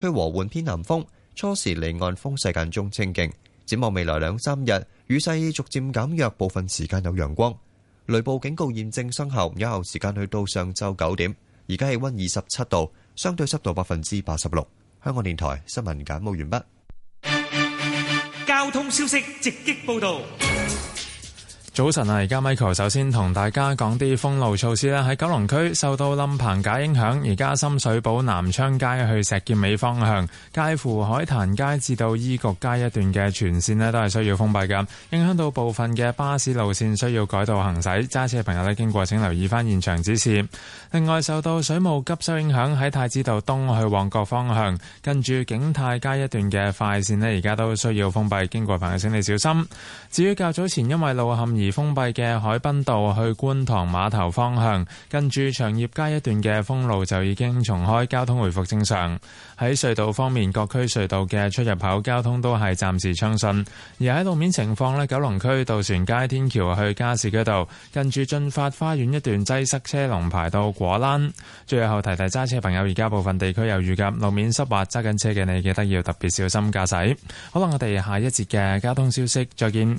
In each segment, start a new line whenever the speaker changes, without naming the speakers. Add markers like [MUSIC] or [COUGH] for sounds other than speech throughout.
吹和緩偏南風，初時離岸風勢間中清勁。展望未來兩三日，雨勢逐漸減弱，部分時間有陽光。雷暴警告現正生效，有效時間去到上晝九點。而家氣溫二十七度，相對濕度百分之八十六。香港電台新聞簡報完畢。
交通消息直擊報道。
早晨啊！而家 Michael 首先同大家講啲封路措施啦。喺九龍區受到冧棚架影響，而家深水埗南昌街去石硤尾方向，介乎海壇街至到醫局街一段嘅全線咧都係需要封閉嘅，影響到部分嘅巴士路線需要改道行駛。揸車朋友咧經過，請留意翻現場指示。另外，受到水務急修影響，喺太子道東去旺角方向，近住景泰街一段嘅快線咧，而家都需要封閉，經過朋友請你小心。至於較早前因為路陷而封閉嘅海濱道去觀塘碼頭方向，近住長業街一段嘅封路就已經重開，交通回復正常。喺隧道方面，各區隧道嘅出入口交通都係暫時暢順。而喺路面情況呢，九龍區渡船街天橋去加士居道，近住駿發花園一段擠塞車龍排到果欄。最後提提揸車朋友，而家部分地區有雨，路面濕滑，揸緊車嘅你記得要特別小心駕駛。好啦，我哋下一節嘅交通消息再見。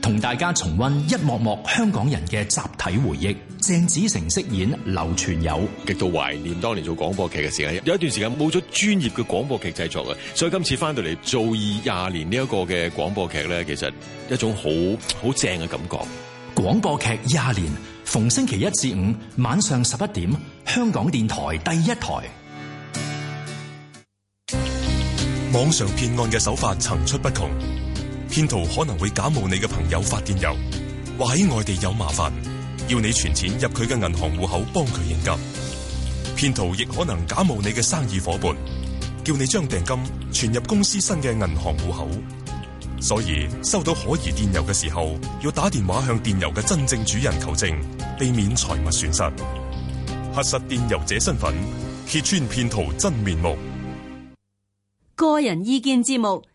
同大家重溫一幕幕香港人嘅集體回憶。鄭子誠飾演劉傳友，極度懷念當年做廣播劇嘅時間。有一段時間冇咗專業嘅廣播劇製作嘅，所以今次翻到嚟做二廿年呢一個嘅廣播劇咧，其實一種好好正嘅感覺。廣播劇廿年，逢星期一至五晚上十一點，香港電台第一台。網上騙案嘅手法層出不窮。騙徒可能會假冒你嘅朋友發電郵，話喺外地有麻煩，要你存錢入佢嘅銀行戶口幫佢應急。騙徒亦可能假冒你嘅生意夥伴，叫你將訂金存入公司新嘅銀行戶口。所以收到可疑電郵嘅時候，要打電話向電郵嘅真正主人求證，避免財物損失。核實電郵者身份，揭穿騙徒真面目。
個人意見節目。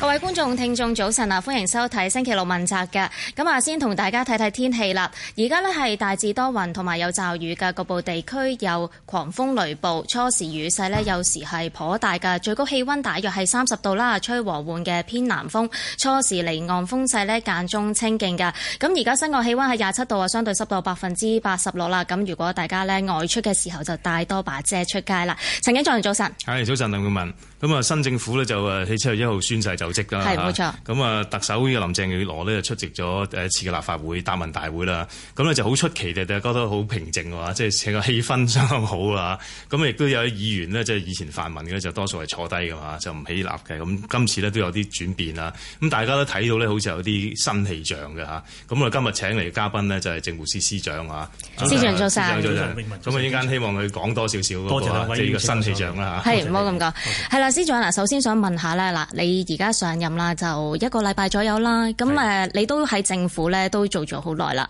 各位觀眾、聽眾，早晨啊！歡迎收睇星期六問責㗎。咁啊，先同大家睇睇天氣啦。而家呢係大致多雲同埋有驟雨嘅，局部地區有狂風雷暴，初時雨勢呢，有時係頗大㗎，最高氣温大約係三十度啦，吹和緩嘅偏南風，初時離岸風勢呢，間中清勁㗎。咁而家室外氣温係廿七度啊，相對濕度百分之八十六啦。咁如果大家呢，外出嘅時候就帶多把遮出街啦。陳景祥，早晨。
係早晨，林詠雯。咁啊，新政府呢，就誒喺七月一號宣誓就。係，冇錯。咁啊，特首嘅林鄭月娥就出席咗第一次嘅立法會答問大會啦。咁咧就好出奇地大家覺得好平靜嘅，即係成個氣氛相當好啦。咁亦都有啲議員呢，即係以前泛民嘅就多數係坐低㗎嘛，就唔起立嘅。咁今次呢都有啲轉變啦。咁大家都睇到呢，好似有啲新氣象嘅吓。咁我今日請嚟嘅嘉賓呢，就係政務司司長啊，司長早晨。咁我陣間希望佢講多少少，那個，即係呢個新氣象啦吓。係唔好
咁講。係啦，司長嗱，首先想問下咧嗱，你而家上任啦，就一個禮拜左右啦。咁你都喺政府咧，都做咗好耐啦。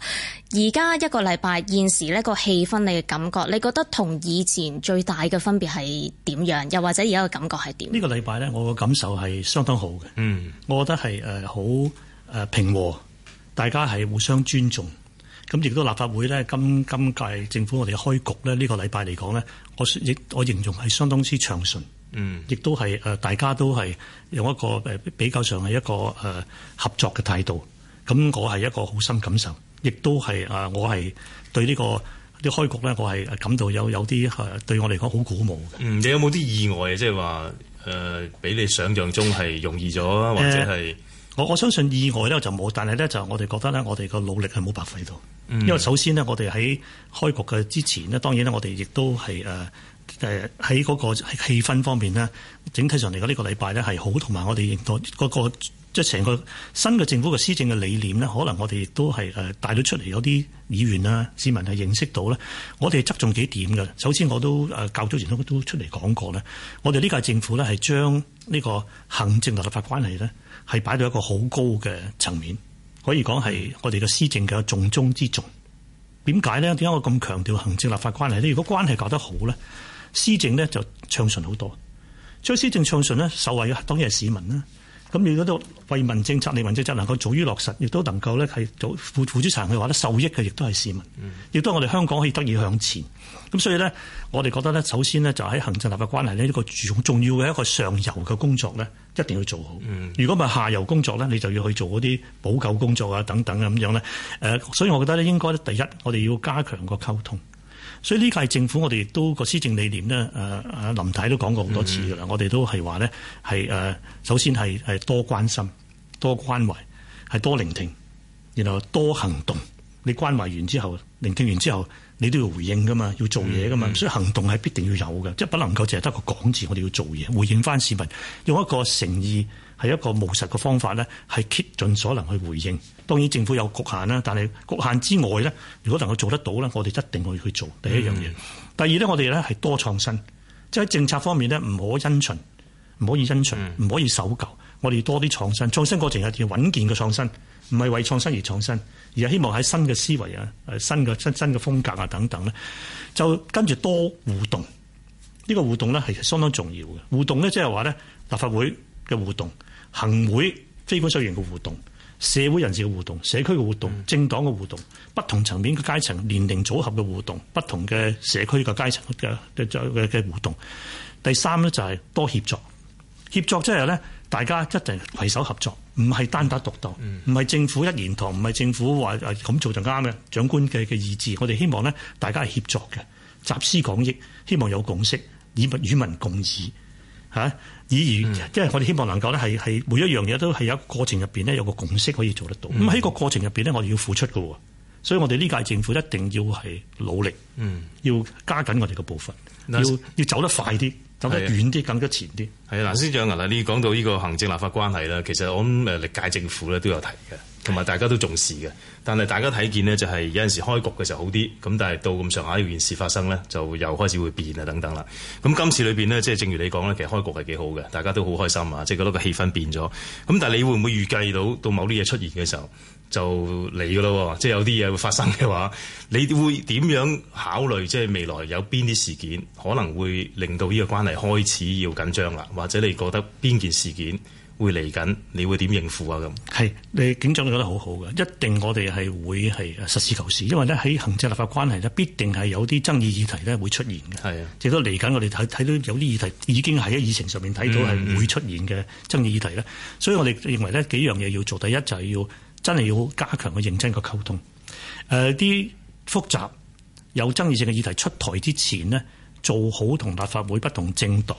而家一個禮拜，現時呢個氣氛，你嘅感覺，你覺得同以前最大嘅分別係點樣？又或者而家嘅感覺係點？
呢個禮拜咧，我嘅感受係相當好嘅。嗯，我覺得係好平和，大家係互相尊重。咁亦都立法會咧，今今屆政府我哋開局咧，呢個禮拜嚟講咧，我亦我形容係相當之暢順。嗯，亦都係、呃、大家都係用一個比較上係一個誒、呃、合作嘅態度。咁我係一個好深感受，亦都係啊、呃，我係對呢、呢個啲、呢個、開局咧，我係感到有有啲、呃、對我嚟講好鼓舞嘅。嗯，
你有冇啲意外？即係話誒，比你想像中係容易咗，或者係、呃、
我我相信意外咧就冇，但係咧就我哋覺得咧，我哋個努力係冇白費到、嗯。因為首先呢，我哋喺開局嘅之前呢，當然咧，我哋亦都係誒。呃誒喺嗰個氣氛方面呢，整體上嚟講，呢個禮拜呢係好，同埋我哋認同嗰個即係成個新嘅政府嘅施政嘅理念呢，可能我哋亦都係誒帶咗出嚟有啲議員啊、市民係認識到咧。我哋側重幾點㗎。首先我教，我都誒較早前都都出嚟講過咧，我哋呢屆政府咧係將呢個行政立法關係咧係擺到一個好高嘅層面，可以講係我哋嘅施政嘅重中之重。點解呢？點解我咁強調行政立法關係呢？如果關係搞得好咧，施政呢就暢順好多，將施政暢順呢，受惠嘅當然係市民啦。咁如果都惠民政策、利民政策能夠早於落實，亦都能夠咧係做付付諸實行嘅話咧，受益嘅亦都係市民。亦、嗯、都係我哋香港可以得以向前。咁所以咧，我哋覺得咧，首先呢就喺行政立法關係呢，一個重重要嘅一個上游嘅工作咧，一定要做好。如果唔係下游工作咧，你就要去做嗰啲補救工作啊等等啊咁樣咧。誒，所以我覺得咧，應該呢，第一，我哋要加強個溝通。所以呢屆政府，我哋都個施政理念咧，誒林太都講過好多次噶啦、嗯。我哋都係話咧，係首先係多關心、多關懷、係多聆聽，然後多行動。你關懷完之後、聆聽完之後，你都要回應㗎嘛，要做嘢㗎嘛。所以行動係必定要有嘅，即係不能夠淨係得個講字。我哋要做嘢，回應返市民，用一個誠意，係一個務實嘅方法咧，係竭盡所能去回應。當然政府有局限啦，但係局限之外咧，如果能夠做得到咧，我哋一定去去做第一樣嘢、嗯。第二咧，我哋咧係多創新，即係喺政策方面咧，唔可因循，唔可以因循，唔、嗯、可以守舊。我哋多啲創新，創新過程係要穩健嘅創新，唔係為創新而創新，而係希望喺新嘅思維啊、新嘅新新嘅風格啊等等咧，就跟住多互動。呢、呢個互動咧係相當重要嘅互動咧，即係話咧立法會嘅互動、行會、非官守議員嘅互動。社會人士嘅互動、社區嘅互動、政黨嘅互動、不同層面嘅階層、年齡組合嘅互動、不同嘅社區嘅階層嘅嘅嘅互動。第三咧就係、是、多協作，協作即係咧大家一定攜手合作，唔係單打獨鬥，唔係政府一言堂，唔係政府話誒咁做就啱嘅長官嘅嘅意志。我哋希望咧大家係協作嘅，集思廣益，希望有共識，以民與民共議。嚇！以而即係我哋希望能夠咧，係係每一樣嘢都係有過程入面咧，有個共識可以做得到。咁、嗯、喺個過程入面咧，我哋要付出喎。所以我哋呢屆政府一定要係努力，嗯，要加緊我哋嘅步伐，要要走得快啲，走得遠啲，更加前啲。
係啊，司長啊，你講到呢個行政立法關係啦，其實我諗誒歷屆政府咧都有提嘅。同埋大家都重視嘅，但係大家睇見呢，就係有陣時開局嘅時候好啲，咁但係到咁上下呢件事發生呢，就又開始會變啊等等啦。咁今次裏邊呢，即係正如你講呢，其實開局係幾好嘅，大家都好開心啊，即係覺得個氣氛變咗。咁但係你會唔會預計到到某啲嘢出現嘅時候就嚟㗎咯？即係有啲嘢會發生嘅話，你會點樣考慮？即係未來有邊啲事件可能會令到呢個關係開始要緊張啦？或者你覺得邊件事件？會嚟緊，你
會點應付啊？咁係，你警長覺得好好嘅，一定我哋係會係實事求是，因為咧喺行政立法關係咧，必定係有啲爭議議題咧會出現嘅。係啊，亦都嚟緊，我哋睇睇到有啲議題已經喺議程上面睇到係會出現嘅爭議議題咧、嗯。所以我哋認為呢幾樣嘢要做，第一就係要真係要加強個認真個溝通。啲、呃、複雜有爭議性嘅議題出台之前呢做好同立法會不同政黨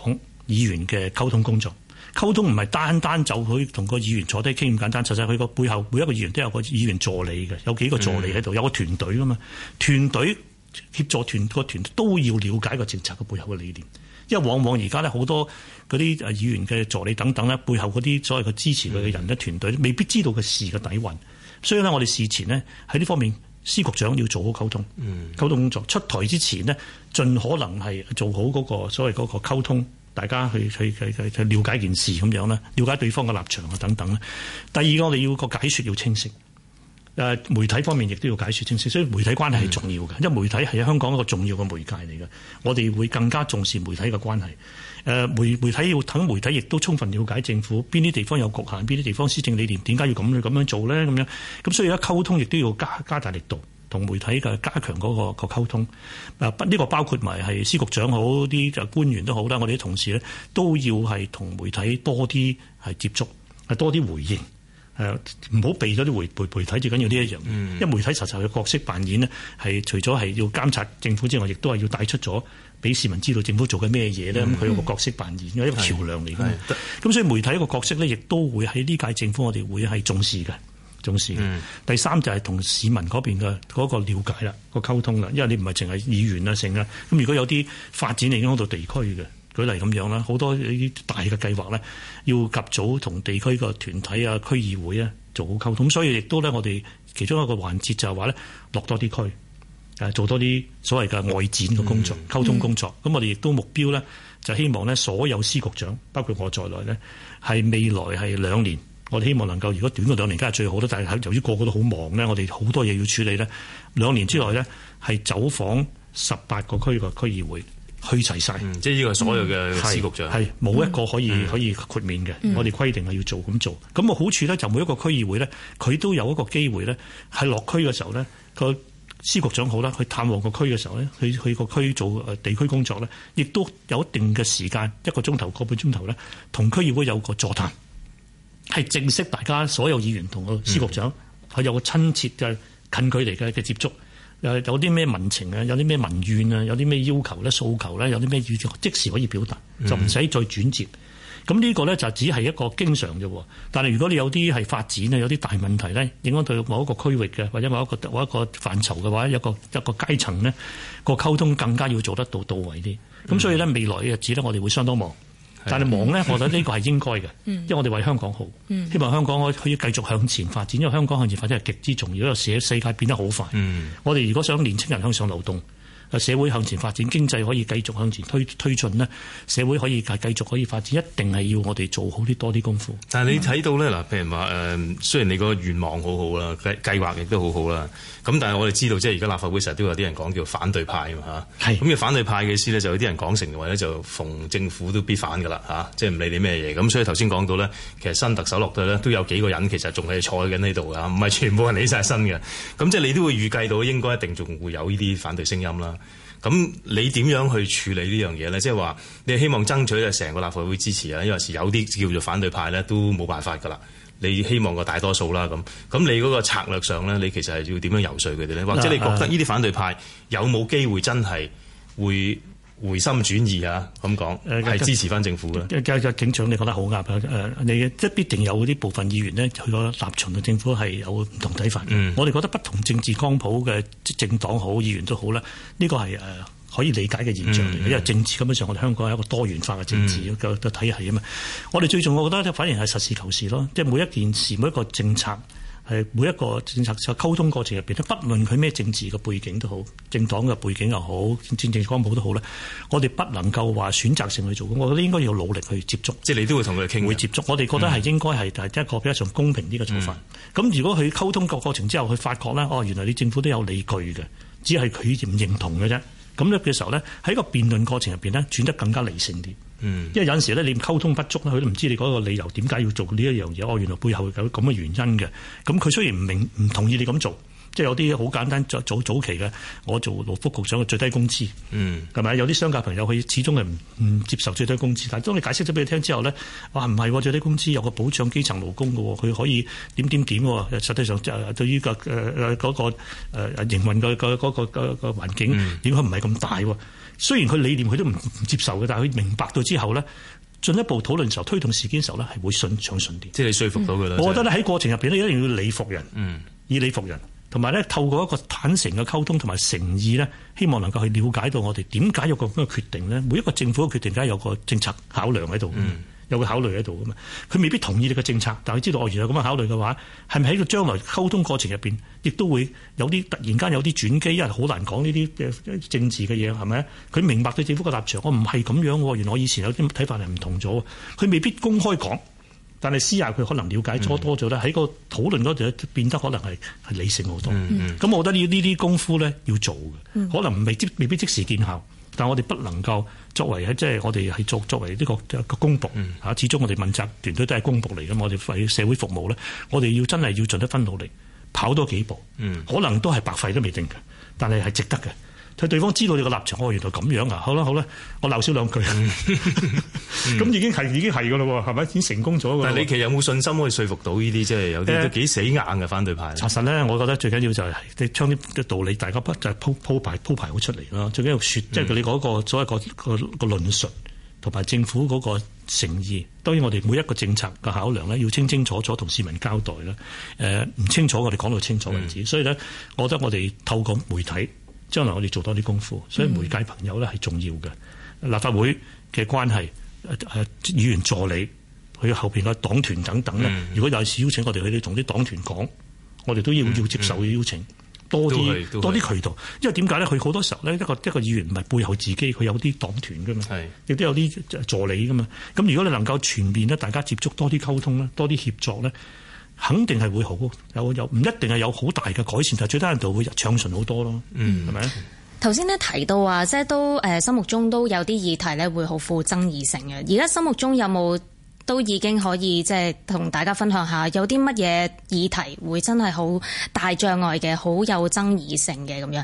議員嘅溝通工作。溝通唔係單單就可以同個議員坐低傾咁簡單，實際佢個背後每一個議員都有個議員助理嘅，有幾個助理喺度，有個團隊啊嘛、嗯，團隊協助團個團都要了解個政策嘅背後嘅理念，因為往往而家咧好多嗰啲議員嘅助理等等咧，背後嗰啲所謂嘅支持佢嘅人咧、嗯，團隊未必知道佢事嘅底藴，所以咧我哋事前呢，喺呢方面，司局長要做好溝通，嗯、溝通工作出台之前呢，盡可能係做好嗰個所謂嗰個溝通。大家去去去去了解件事咁樣啦，了解對方嘅立場啊等等啦。第二個，我哋要個解說要清晰。誒，媒體方面亦都要解說清晰，所以媒體關係係重要嘅，因為媒體係香港一個重要嘅媒介嚟嘅。我哋會更加重視媒體嘅關係。誒，媒媒體要等媒體亦都充分了解政府邊啲地方有局限，邊啲地方施政理念點解要咁樣咁做咧？咁樣。咁，所以一溝通亦都要加加大力度。同媒體嘅加強嗰個溝通，啊不呢個包括埋係司局長好啲嘅官員都好啦，我哋啲同事咧都要係同媒體多啲接觸，多啲回應，唔好避咗啲回媒媒體最緊要呢一樣、嗯，因為媒體查查嘅角色扮演呢係除咗係要監察政府之外，亦都係要帶出咗俾市民知道政府做緊咩嘢咧，咁、嗯、佢個角色扮演、嗯、一個橋梁嚟嘅，咁所以媒體一個角色咧亦都會喺呢屆政府我哋會係重視嘅，重視嘅，嗯，第三就係同市民嗰邊嘅嗰個瞭解啦，個溝通啦，因為你唔係淨係議員啊成啦。咁如果有啲發展影響到地區嘅，舉例咁樣啦，好多呢啲大嘅計劃咧，要及早同地區個團體啊、區議會啊做好溝通。所以亦都咧，我哋其中一個環節就係話咧，落多啲區，誒做多啲所謂嘅外展嘅工作、嗯、溝通工作。咁、嗯、我哋亦都目標咧，就希望咧，所有司局長，包括我在內咧，係未來係兩年。我哋希望能夠，如果短過兩年，梗係最好啦。但係由於個個都好忙咧，我哋好多嘢要處理咧。兩年之內咧，係走訪十八個區嘅區議會，去齊晒、嗯。即係
呢個所有嘅司局長係
冇一個可以可以豁免嘅、嗯。我哋規定係要做咁做。咁、嗯個好處咧，就每一個區議會咧，佢都有一個機會咧，喺落區嘅時候咧，個司局長好啦，去探望個區嘅時候咧，去去個區做地區工作咧，亦都有一定嘅時間，一個鐘頭、個半鐘頭咧，同區議會有個座談。係正式，大家所有議員同個司局長，佢、嗯、有個親切嘅近距離嘅嘅接觸。誒，有啲咩民情啊，有啲咩民怨啊，有啲咩要求咧、訴求咧，有啲咩意願，即時可以表達，就唔使再轉接。咁、嗯、呢個咧就只係一個經常啫。但係如果你有啲係發展啊，有啲大問題咧，影響到某一個區域嘅，或者某一個或一個範疇嘅話，一個一個階層咧，個溝通更加要做得到到位啲。咁、嗯、所以咧，未來嘅日子咧，我哋會相當忙。但係忙咧，我覺得呢個係應該嘅， [LAUGHS] 因為我哋為香港好，希望香港可以繼續向前發展。因為香港向前發展係極之重要，因為有時喺世界變得好快。 [LAUGHS] 我哋如果想年輕人向上流動。社會向前發展，經濟可以繼續向前推推進呢，社會可以繼繼續可以發展，一定係要我哋做好啲多啲功夫。嗯、但係你睇
到咧，嗱，譬如話誒、呃，雖然你個願望好計計劃好啦，計計劃亦都好好啦，咁但係我哋知道，即係而家立法會成日都有啲人講叫反對派嘛嚇。係。咁嘅反對派嘅意思咧，就有啲人講成話咧，就逢政府都必反㗎啦嚇，即係唔理你咩嘢。咁所以頭先講到咧，其實新特首落隊咧都有幾個人，其實仲係坐緊喺度㗎，唔係全部人理晒身嘅。咁即係你都會預計到應該一定仲會有呢啲反對聲音啦。咁你點樣去處理呢樣嘢呢？即係話你希望爭取啊成個立法會支持啊，因為有啲叫做反對派呢都冇辦法噶啦。你希望個大多數啦咁，咁你嗰個策略上呢，你其實係要點樣遊說佢哋呢？或者你覺得呢啲反對派有冇機會真係會？回心轉意啊！咁講係支持翻政府
嘅、呃呃。警長你覺得好啱啊！你即必定有啲部分議員咧，去個立場嘅政府係有唔同睇法，嗯、我哋覺得不同政治光譜嘅政黨好，議員都好啦。呢個係可以理解嘅現象嚟、嗯，因為政治根本上我哋香港係一個多元化嘅政治嘅、嗯、體系啊嘛。我哋最重要，我覺得反而係實事求是咯。即係每一件事，每一個政策。係每一個政策嘅溝通過程入邊都不論佢咩政治嘅背景都好，政黨嘅背景又好，政治光譜都好咧，我哋不能夠話選擇性去做。我覺得應該要努力去接觸，即係你都會同佢傾，會接觸。我哋覺得係應該係係一個比較上公平啲嘅做法。咁、嗯、如果佢溝通個過程之後，佢發覺咧，哦，原來你政府都有理據嘅，只係佢唔認同嘅啫。咁咧嘅時候咧，喺個辯論過程入邊咧，轉得更加理性啲。嗯，因為有時咧，你溝通不足咧，佢都唔知你嗰個理由點解要做呢一樣嘢。哦，原來背後有咁嘅原因嘅。咁佢雖然唔明唔同意你咁做，即係有啲好簡單早早期嘅。我做勞福局長嘅最低工資，嗯，係咪有啲商界朋友佢始終係唔唔接受最低工資？但係當你解釋咗俾佢聽之後咧，話唔係最低工資有個保障基層勞工的、哦，基層勞工嘅，佢可以點點點、哦。實際上，即係對於個誒誒嗰個誒營運個環境影響唔係咁大、哦。雖然佢理念佢都唔唔接受嘅，但係佢明白到之後咧，進一步討論時候，推動事件時候咧，係會順暢，順啲。即係你說服到佢啦、嗯。我覺得咧，喺過程入邊咧，一定要理服人，嗯、以理服人，同埋咧透過一個坦誠嘅溝通同埋誠意咧，希望能夠去了解到我哋點解有個咁嘅決定咧。每一個政府嘅決定梗係有個政策考量喺度。嗯有個考慮喺度噶嘛，佢未必同意你嘅政策，但係佢知道我原來咁樣考慮嘅話，係咪喺個將來溝通過程入邊，亦都會有啲突然間有啲轉機？因為好難講呢啲政治嘅嘢係咪？佢明白對政府嘅立場，我唔係咁樣喎。原來我以前有啲睇法係唔同咗，佢未必公開講，但係私下佢可能了解初多咗咧。喺、嗯、個討論嗰度變得可能係係理性好多。咁、嗯嗯、我覺得呢啲功夫咧要做嘅，可能未必未必即時見效。但係我哋不能夠作為，喺即係我哋係作作為呢個個公僕，嚇、嗯，始終我哋問責團隊都係公僕嚟嘅嘛，我哋為社會服務咧，我哋要真係要盡一分努力，跑多幾步，嗯、可能都係白費都未定嘅，但係係值得嘅。睇對方知道你個立場，哦，原來咁樣啊！好啦，好啦，我鬧少兩句，咁、嗯 [LAUGHS] 嗯、已經係已經係噶啦，係咪？已經成功咗噶啦。但係你其實有冇信心可以說服到呢啲？即、就、係、是、有啲都幾死硬嘅反對派。查、呃、實咧，我覺得最緊要就係你將啲嘅道理，大家不就鋪鋪排鋪排好出嚟咯。最緊要說即係、嗯就是、你嗰個所謂、那個個論論述，同埋政府嗰個誠意。當然，我哋每一個政策嘅考量咧，要清清楚楚同市民交代啦。誒，唔清楚，我哋講到清楚為止。嗯、所以咧，我覺得我哋透過媒體。將來我哋做多啲功夫，所以媒介朋友咧係重要嘅、嗯。立法會嘅關係，誒、呃、誒、呃，議員助理佢後面嘅黨團等等咧、嗯，如果有時邀請我哋去同啲黨團講，我哋都要要接受邀請，嗯嗯、多啲多啲渠道。因為點解咧？佢好多時候咧，一個一個議員唔係背後自己，佢有啲黨團㗎嘛，亦都有啲助理㗎嘛。咁如果你能夠全面咧，大家接觸多啲溝通啦，多啲協作咧。肯定係會好有有，唔一定係有好大嘅改善，但最低限度多人都會暢順好多
咯。嗯，係咪？頭先咧提到啊，即係都誒，心目中都有啲議題咧，會好富爭議性嘅。而家心目中有冇都已經可以即係同大家分享下，有啲乜嘢議題會真係好大障礙嘅，好有爭議性嘅咁樣？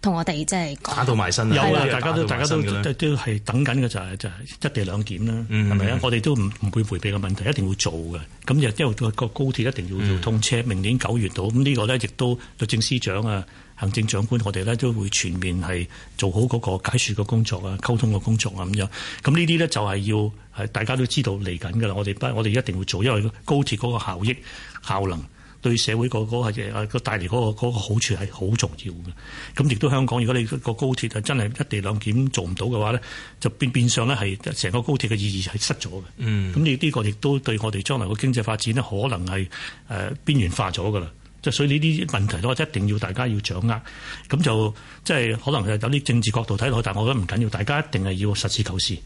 同我哋即係打到埋
身，有啦！大家都大家都都係等緊嘅就係就係一地兩檢啦，係咪啊？我哋都唔唔會回避嘅問題，一定會做嘅。咁又因為個高鐵一定要要通車，嗯、明年九月到，咁、這、呢個咧亦都律政司長啊、行政長官，我哋咧都會全面係做好嗰個解說嘅工作啊、溝通嘅工作啊咁樣。咁呢啲咧就係要大家都知道嚟緊㗎啦。我哋不我哋一定會做，因為高鐵嗰個效益效能。對社會個嗰個誒個帶嚟嗰個個好處係好重要嘅。咁亦都香港，如果你個高鐵啊真係一地兩檢做唔到嘅話咧，就變變相咧係成個高鐵嘅意義係失咗嘅。嗯，咁亦呢個亦都對我哋將來嘅經濟發展咧可能係誒邊緣化咗噶啦。即係所以呢啲問題咧，一定要大家要掌握。咁就即係可能有啲政治角度睇落去，但係我覺得唔緊要，大家一定係要實事求是。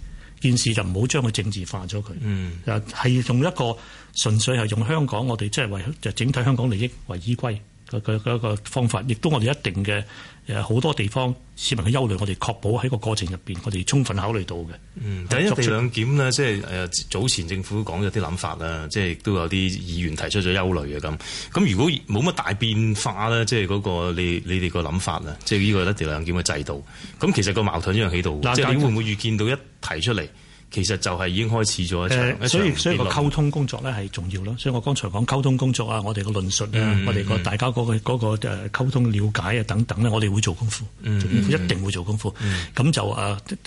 件事就唔好將佢政治化咗佢，嗯、就係用一個純粹係用香港，我哋即係為就整體香港利益為依歸嘅嘅一個方法，亦都我哋一定嘅。誒好多地方市民嘅憂慮，我哋確保喺個過程入邊，我哋充分考慮到嘅。嗯，就一,一、那個、一地兩
檢咧，即係誒早前政府講咗啲諗法啦，即係亦都有啲議員提出咗憂慮嘅咁。咁如果冇乜大變化咧，即係嗰個你你哋個諗法啊，即係呢個一地兩檢嘅制度，咁其實那個矛盾一樣喺度。即係你會唔會遇見到一提出嚟？其實就係已經開始咗一場、嗯、所以所以個溝
通工作咧係重要咯。所以我剛才講溝通工作啊，我哋嘅論述啊、嗯、我哋個、嗯、大家嗰、嗰個嗰、嗰個溝通了解啊等等咧，我哋會做功夫，政、嗯嗯、一定會做功夫。咁、嗯嗯、就誒，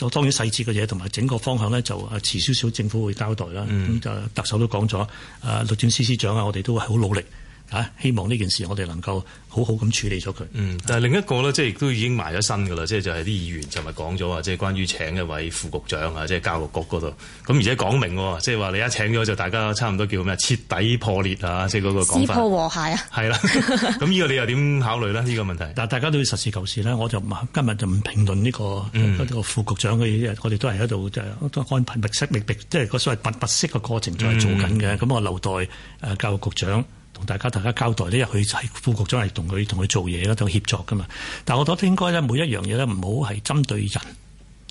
當然細節嘅嘢同埋整個方向咧，就遲少少政府會交代啦。咁、嗯、就特首都講咗，誒律政司司長啊，我哋都係好努力。啊、希望呢件事我哋能夠好好咁處理咗佢。嗯，但係另一個咧，即
係亦都已經埋咗身噶啦，即係就係、是、啲議員就咪講咗話，即係關於請一位副局長啊，即、就、係、是、教育局嗰度。咁而且講明，即係話你一請咗就大家差唔多叫咩徹底破裂啊，即係嗰個講法。撕破
和諧啊！
係啦，咁 [LAUGHS] 呢個你又點考慮呢？呢、這個問題。但係大家都要實事求是呢，我就今日就唔評論呢、這個嗯這個副局長嘅嘢。我哋都係喺度就安排密室密，密即係個所謂不密密室嘅過程再做緊嘅。咁、嗯、我留待教育局長。同大家大家交代呢，佢係副局長係同佢同佢做嘢咯，同佢協作噶嘛。但我覺得應該咧，每一樣嘢咧，唔好係針對人，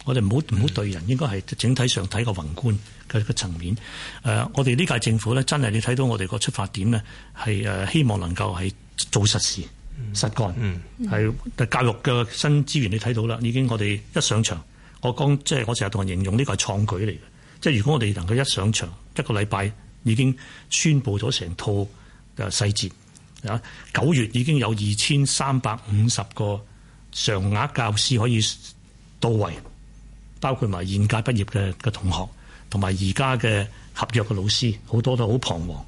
我哋唔好唔好對人，應該係整體上睇個宏觀嘅個層面。誒、嗯呃，我哋呢屆政府咧，真係你睇到我哋個出發點咧，係誒希望能夠係做實事、實幹。嗯，係、嗯、教育嘅新資源。你睇到啦，已經我哋一上場，我剛即係我成日同人形容呢個係創舉嚟嘅。即係如果我哋能夠一上場，一個禮拜已經宣佈咗成套。嘅細節啊，九月已經有二千三百五十個常額教師可以到位，包括埋現屆畢業嘅嘅同學，同埋而家嘅合約嘅老師，好多都好彷徨。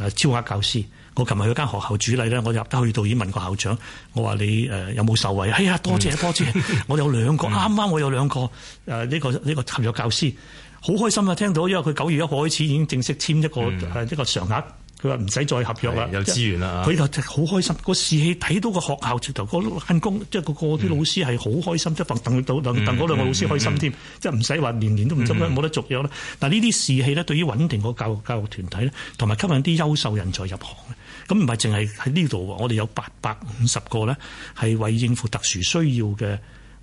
誒超額教師，我琴日去間學校主禮咧，我入得去導演問個校長，我話你誒有冇受惠？哎呀，多謝多謝，謝謝 [LAUGHS] 我有兩個，啱 [LAUGHS] 啱我有兩個誒呢個呢個合約教師，好開心啊！聽到因為佢九月一開始已經正式簽一個誒 [LAUGHS] 一個常額。佢話唔使再合約啦，有資源啦、啊。佢就好、是、開心，個士氣睇到個學校直頭個揀工，即係個個啲老師係好開心，即係等嗰兩個老師開心添、嗯，即係唔使話年年都唔得冇得續約啦、嗯。但係呢啲士氣咧，對於穩定個教育教育團體咧，同埋吸引啲優秀人才入行咧，咁唔係淨係喺呢度。我哋有八百五十個咧，係為應付特殊需要嘅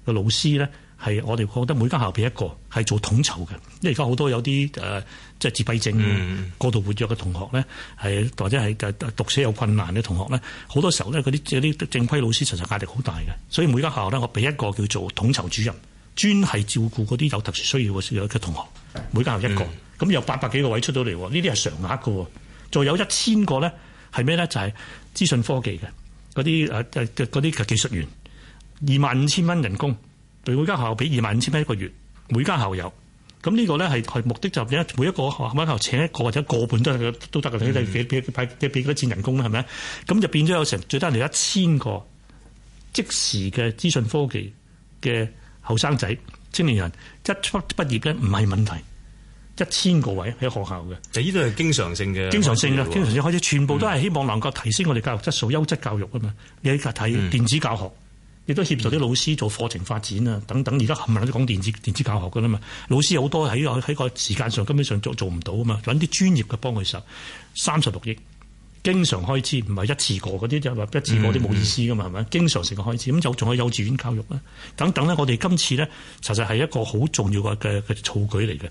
老師咧。係我哋覺得每間校俾一個係做統籌嘅，因為而家好多有啲誒、呃，即係自閉症、過度活躍嘅同學咧，係或者係嘅讀寫有困難嘅同學咧，好多時候咧，嗰啲啲正規老師其實壓力好大嘅，所以每間校咧，我俾一個叫做統籌主任，專係照顧嗰啲有特殊需要嘅嘅同學。每間校一個，咁有八百幾個位出到嚟，呢啲係常額喎。仲有一千個咧係咩咧？就係資訊科技嘅嗰啲誒嗰啲技術員，二萬五千蚊人工。每間學校俾二萬五千蚊一個月，每間校友。咁呢個咧係係目的就變每一個學校請一個或者個半都係都得嘅，俾俾俾俾嗰啲人工啦，係咪？咁就變咗有成最低一千個即時嘅資訊科技嘅後生仔、青年人一出畢業咧唔係問題，一千個位喺學校嘅。
誒，呢啲係經常性嘅，經常性啦，經常性
開始，全部都係希望能夠提升我哋教育質素、優質教育㗎嘛。你喺度睇電子教學。亦都協助啲老師做課程發展啊，等等。而家冚唪唥都講電子電子教學噶啦嘛。老師好多喺個喺個時間上根本上做做唔到啊嘛，揾啲專業嘅幫佢手，三十六億經常開支，唔係一次過嗰啲就話一次過啲冇意思噶嘛，係咪？經常性嘅開支咁就仲有幼稚園教育咧等等咧。我哋今次咧查實係一個好重要嘅嘅嘅措舉嚟嘅。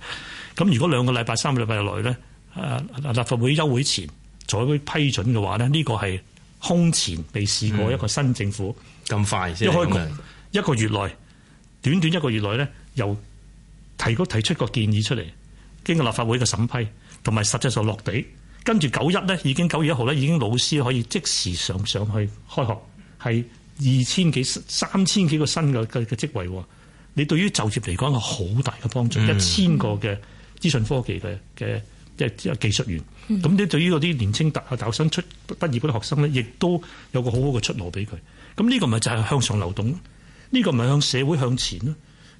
咁如果兩個禮拜三個禮拜來咧，誒立法會休會前再批准嘅話咧，呢、呢個係空前未試過一個新政府。咁快先，一開工一個月內，短短一個月內咧，又提高提出個建議出嚟，經過立法會嘅審批，同埋實際上落地，跟住九一咧，已經九月一號咧，已經老師可以即時上上去開學，係二千幾三千幾個新嘅嘅嘅職位，你對於就業嚟講係好大嘅幫助，一、嗯、千個嘅資訊科技嘅嘅即係技術員，咁、嗯、你對於嗰啲年青大學生出畢業嗰啲學生咧，亦都有個好好嘅出路俾佢。咁呢個咪就係向上流動咯，呢個咪向社會向前咯，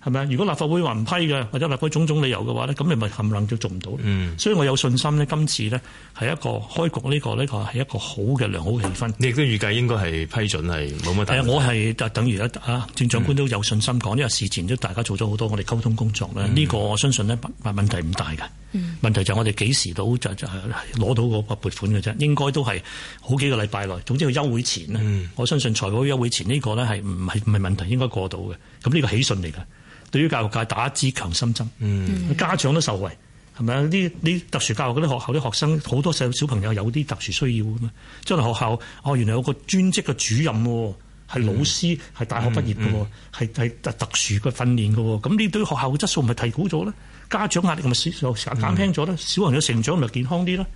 係咪啊？如果立法會話唔批嘅，或者立法會種種理由嘅話咧，咁你咪冚唪唥就都做唔到。嗯，所以我有信心咧，今次咧係一個開局，呢個呢個係一個好嘅良好氣氛。你亦都預計應該係批准係冇乜大。我係等於呢，啊政長官都有信心講，因為事前都大家做咗好多我哋溝通工作咧，呢個我相信咧問問題唔大嘅。問題就係我哋幾時到就就係攞到嗰個撥款嘅啫，應該都係好幾個禮拜內。總之佢休會前、嗯、我相信財委會休會前呢個咧係唔係唔係問題，應該過到嘅。咁呢個喜訊嚟噶，對於教育界打一支強心針、嗯。家長都受惠，係咪啊？呢呢特殊教育嗰啲學校啲學生，好多細小朋友有啲特殊需要啊嘛。將嚟學校哦，原來有個專職嘅主任喎，係老師，係大學畢業嘅喎，係、嗯、特特殊嘅訓練嘅喎。咁呢對學校嘅質素唔係提高咗咧？家長壓力咪少，減輕咗啦、嗯。小朋友成長咪健康啲啦。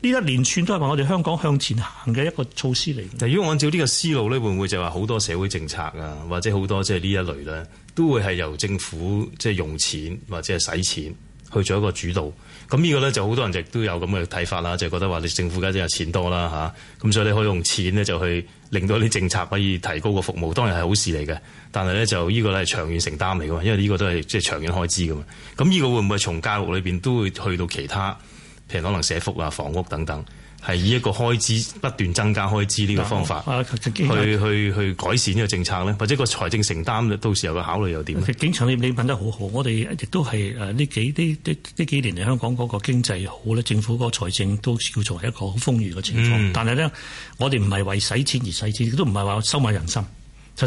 呢一連串都係話我哋香港向前行嘅一個措施嚟。
如果按照呢個思路咧，會唔會就話好多社會政策啊，或者好多即係呢一類咧，都會係由政府即係用錢或者係使錢去做一個主導？咁呢個咧就好多人亦都有咁嘅睇法啦，就係、覺得話你政府家姐有錢多啦嚇，咁所以你可以用錢咧就去令到啲政策可以提高個服務，當然係好事嚟嘅。但係咧就呢個咧係長遠承擔嚟嘅嘛，因為呢個都係即係長遠開支㗎嘛。咁呢個會唔會從教育裏面都會去到其他譬如可能社福啊、房屋等等，係以一個開支不斷增加開支呢個方法去去去改善呢個政策咧，或者個財政承擔到時候嘅考慮又點咧？
景祥你你問得好好，我哋亦都係誒呢幾呢呢幾年嚟香港嗰個經濟好咧，政府嗰個財政都叫做係一個好豐裕嘅情況。嗯、但係咧，我哋唔係為使錢而使錢，亦都唔係話收買人心。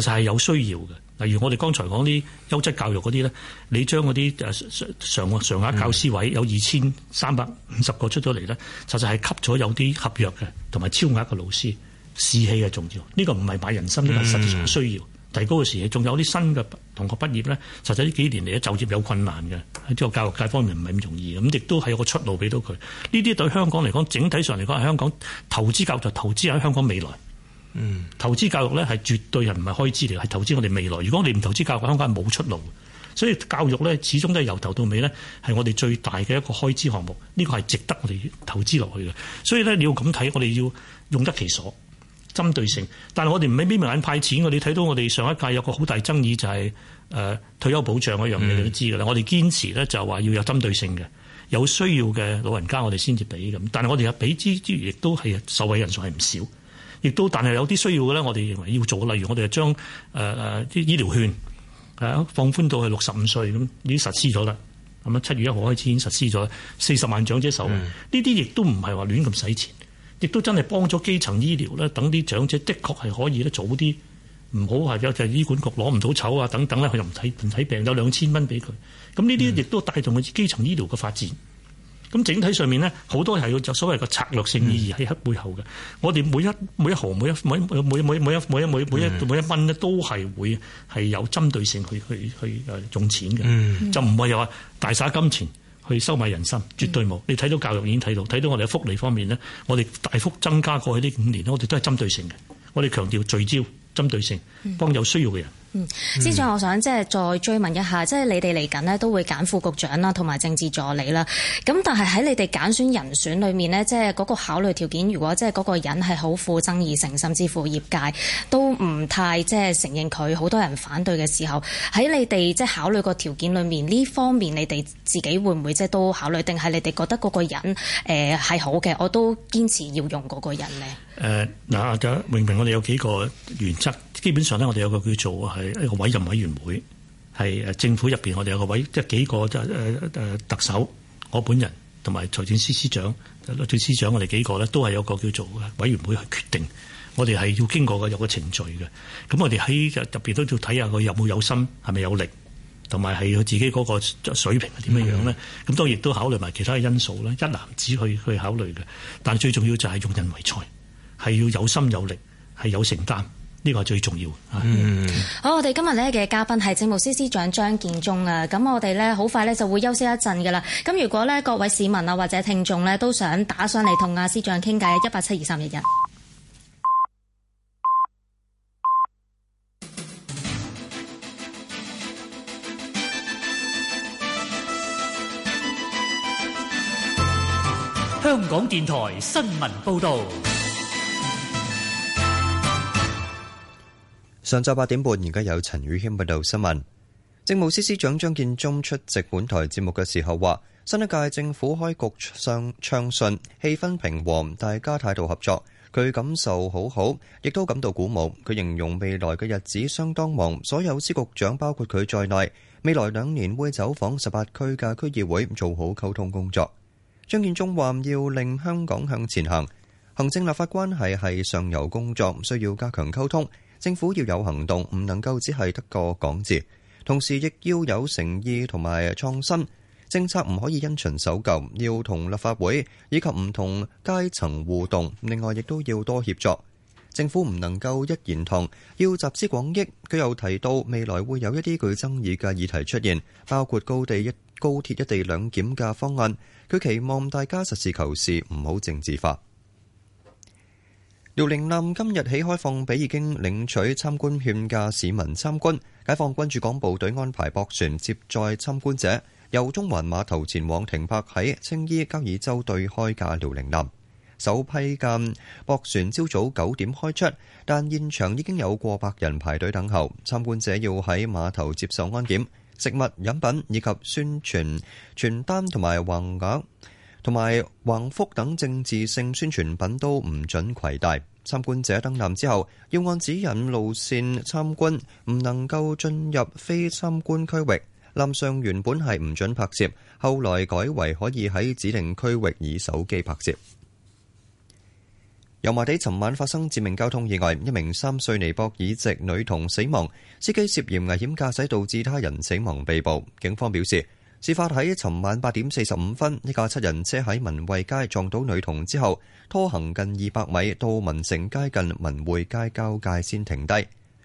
實實係有需要嘅，例如我哋剛才講啲優質教育嗰啲咧，你將嗰啲誒常常常額教師位有二千三百五十個出咗嚟咧，嗯、實實係吸咗有啲合約嘅，同埋超額嘅老師士氣係重要。呢、呢個唔係買人心，呢個實質上需要。第、嗯、高嘅事仲有啲新嘅同學畢業咧，實在呢幾年嚟咧就業有困難嘅喺呢個教育界方面唔係咁容易咁，亦都係有個出路俾到佢。呢啲對香港嚟講，整體上嚟講係香港投資教育，投資喺香港未來。嗯，投資教育咧係絕對係唔係開支嚟，係投資我哋未來。如果我哋唔投資教育嘅，香港係冇出路。所以教育咧始終都係由頭到尾咧係我哋最大嘅一個開支項目。呢個係值得我哋投資落去嘅。所以咧你要咁睇，我哋要用得其所，針對性。但係我哋唔係明眼派錢。我哋睇到我哋上一屆有個好大爭議就係誒退休保障嗰樣嘢、嗯，你都知㗎啦。我哋堅持咧就話要有針對性嘅，有需要嘅老人家我哋先至俾咁。但係我哋有俾之之餘，亦都係受惠人數係唔少。亦都，但係有啲需要嘅咧，我哋認為要做。例如我哋，我哋就將誒啲醫療券放寬到去六十五歲咁，已經實施咗啦。咁啊，七月一號開始已經實施咗四十萬長者手。呢啲亦都唔係話亂咁使錢，亦都真係幫咗基層醫療咧。等啲長者的確係可以咧早啲，唔好係有隻醫管局攞唔到籌啊等等咧，佢又唔睇唔睇病，有兩千蚊俾佢。咁呢啲亦都帶動佢基層醫療嘅發展。咁整體上面咧，好多係要就所謂個策略性意義喺喺，嗯、背後嘅。我哋每一每一行每一每每每每一每每一每一蚊咧，每一每一都係會係有針對性去去去誒用錢嘅，嗯。就唔係話大灑金錢去收買人心，絕對冇。你睇到教育已經睇到，睇到我哋嘅福利方面咧，我哋大幅增加過去呢五年，我哋都係針對性嘅。我哋強調聚焦。針對性幫有需要嘅人。嗯，
司、嗯、長，之我想即係再追問一下，即、嗯、係你哋嚟緊咧都會揀副局長啦，同埋政治助理啦。咁但係喺你哋揀選、選人選裏面呢，即係嗰個考慮條件，如果即係嗰個人係好富爭議性，甚至乎業界都唔太即係承認佢，好多人反對嘅時候，喺你哋即係考慮個條件裏面呢方面，你哋自己會唔會即係都考慮？定係你哋覺得嗰個人誒係好嘅，我都堅持要用嗰個人呢？
誒、嗯、嗱，阿明明我哋有幾個原則，基本上咧，我哋有個叫做係一個委任委員會，係政府入面。我哋有個委即係幾個誒誒特首，我本人同埋財政司司長、律政司長，我哋幾個咧，都係有個叫做委員會去決定。我哋係要經過個有個程序嘅，咁我哋喺入面都要睇下佢有冇有，有心，係咪有力，同埋係佢自己嗰個水平係點樣樣咧。咁、嗯、當然都考慮埋其他嘅因素啦，一男子去去考慮嘅，但最重要就係用人為才。係要有心有力，係有承擔，呢個係最重要
嘅。好，我哋今日呢嘅嘉賓係政務司司長張建宗啊。咁我哋呢好快呢就會休息一陣㗎啦。咁如果呢各位市民啊或者聽眾呢都想打上嚟同阿司長傾偈，一八七二三一一。
香港電台新聞報道。
上晝八點半，而家有陳宇軒報道新聞。政務司司長張建宗出席本台節目嘅時候話，新一屆政府開局上暢順，氣氛平和，大家態度合作，佢感受好好，亦都感到鼓舞。佢形容未來嘅日子相當忙，所有司局長包括佢在內，未來兩年會走訪十八區嘅區議會，做好溝通工作。張建宗話，要令香港向前行，行政立法關係係上游工作，需要加強溝通。政府要有行動，唔能夠只係得個講字，同時亦要有誠意同埋創新政策，唔可以因循守舊，要同立法會以及唔同階層互動。另外，亦都要多協作，政府唔能夠一言堂，要集思廣益。佢又提到未來會有一啲具爭議嘅議題出現，包括高地、高鐵一地兩檢嘅方案。佢期望大家實事求是，唔好政治化。遼寧艦今日起開放俾已經領取參觀券嘅市民參觀，解放軍駐港部隊安排駁船接載參觀者，由中環碼頭前往停泊喺青衣交椅洲對開嘅遼寧艦。首批嘅駁船朝早九點開出，但現場已經有過百人排隊等候。參觀者要喺碼頭接受安檢、食物、飲品以及宣傳傳單同埋橫額。同埋橫幅等政治性宣傳品都唔准攜帶。參觀者登艦之後，要按指引路線參觀，唔能夠進入非參觀區域。艦上原本係唔准拍攝，後來改為可以喺指定區域以手機拍攝。油麻地尋晚發生致命交通意外，一名三歲尼泊爾籍女童死亡，司機涉嫌危險駕駛導致他人死亡被捕。警方表示。事發喺尋晚八點四十五分，一架七人車喺文匯街撞到女童之後，拖行近二百米到文城街近文匯街交界先停低。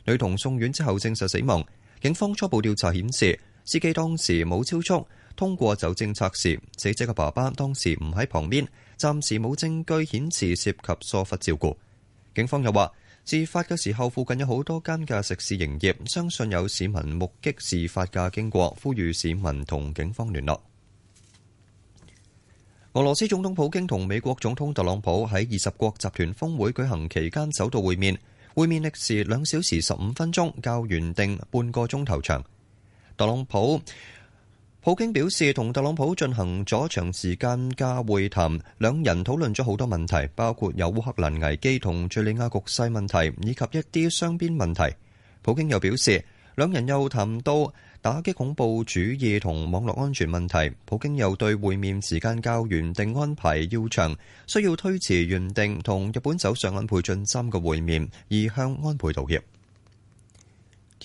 女童送院之後證實死亡。警方初步調查顯示，司機當時冇超速，通過酒精測試，死者嘅爸爸當時唔喺旁邊，暫時冇證據顯示涉及疏忽照顧。警方又話。事發嘅時候，附近有好多間嘅食肆營業，相信有市民目擊事發嘅經過，呼籲市民同警方聯絡。俄羅斯總統普京同美國總統特朗普喺二十國集團峰會舉行期間首度會面，會面歷時兩小時十五分鐘，較原定半個鐘頭長。特朗普。普京表示同特朗普進行咗長時間加會談，兩人討論咗好多問題，包括有烏克蘭危機同敘利亞局勢問題，以及一啲雙邊問題，普京又表示，兩人又談到打擊恐怖主義同網絡安全問題，普京又對會面時間較原定安排要長，需要推遲原定同日本首相安倍晉三嘅會面，而向安倍道歉。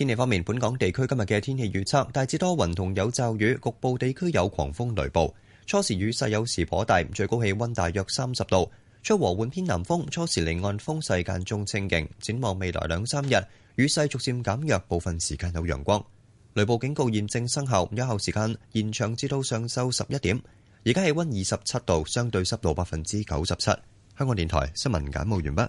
天氣方面，本港地區今日嘅天氣預測大致多雲同有驟雨，局部地區有狂風雷暴，初時雨勢有時頗大，最高氣溫大約三十度。吹和緩偏南風，初時離岸風勢間中清勁。展望未來兩三日，雨勢逐漸減弱，部分時間有陽光。雷暴警告現正生效，有效時間延長至到上晝十一點。而家氣溫二十七度，相對濕度百分之九十七。香港電台新聞簡報完畢。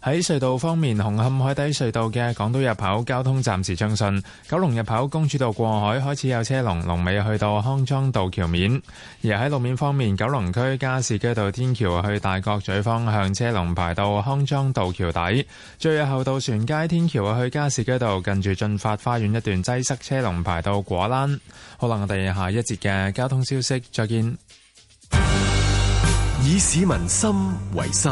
喺隧道方面，紅磡海底隧道嘅港島入口交通暫時暢順；九龍入口公主道過海開始有車龍，龍尾去到康莊道橋面。而喺路面方面，九龍區加士居道天橋去大角咀方向車龍排到康莊道橋底，最後到船街天橋去加士居道近住駿發花園一段擠塞，車龍排到果欄。好啦，我哋下一節嘅交通消息，再見。以市
民心為心。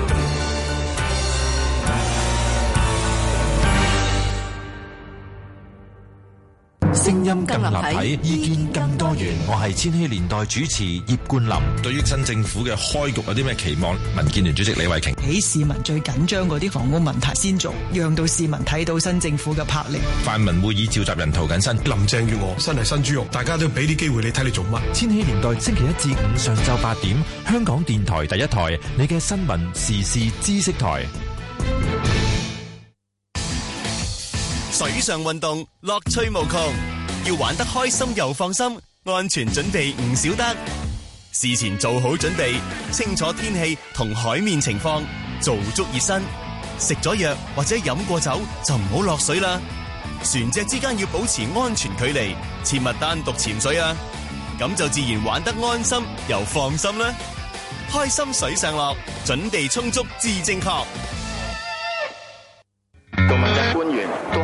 聲音更立,更立
體，意見更多元。我係千禧年代主持葉冠霖。對於新政府嘅開局有啲咩期望？民建聯主席李慧瓊：，喺
市民最緊張嗰啲房屋問題先做，讓到市民睇到新政府嘅魄力。
泛民會議召集人涂謹申：，林鄭月娥新係新,新豬肉，大家都俾啲機會你睇你做乜。千禧年代星期一至五上晝八點，香港電台第一台，你嘅新聞時事知識台。
水上運動樂趣無窮。要玩得開心又放心，安全準備唔少得。事前做好準備，清楚天氣同海面情況，做足熱身。食咗藥或者飲過酒就唔好落水啦。船隻之間要保持安全距離，切勿單獨潛水啊。咁就自然玩得安心又放心啦。開心水上落，準備充足至正確。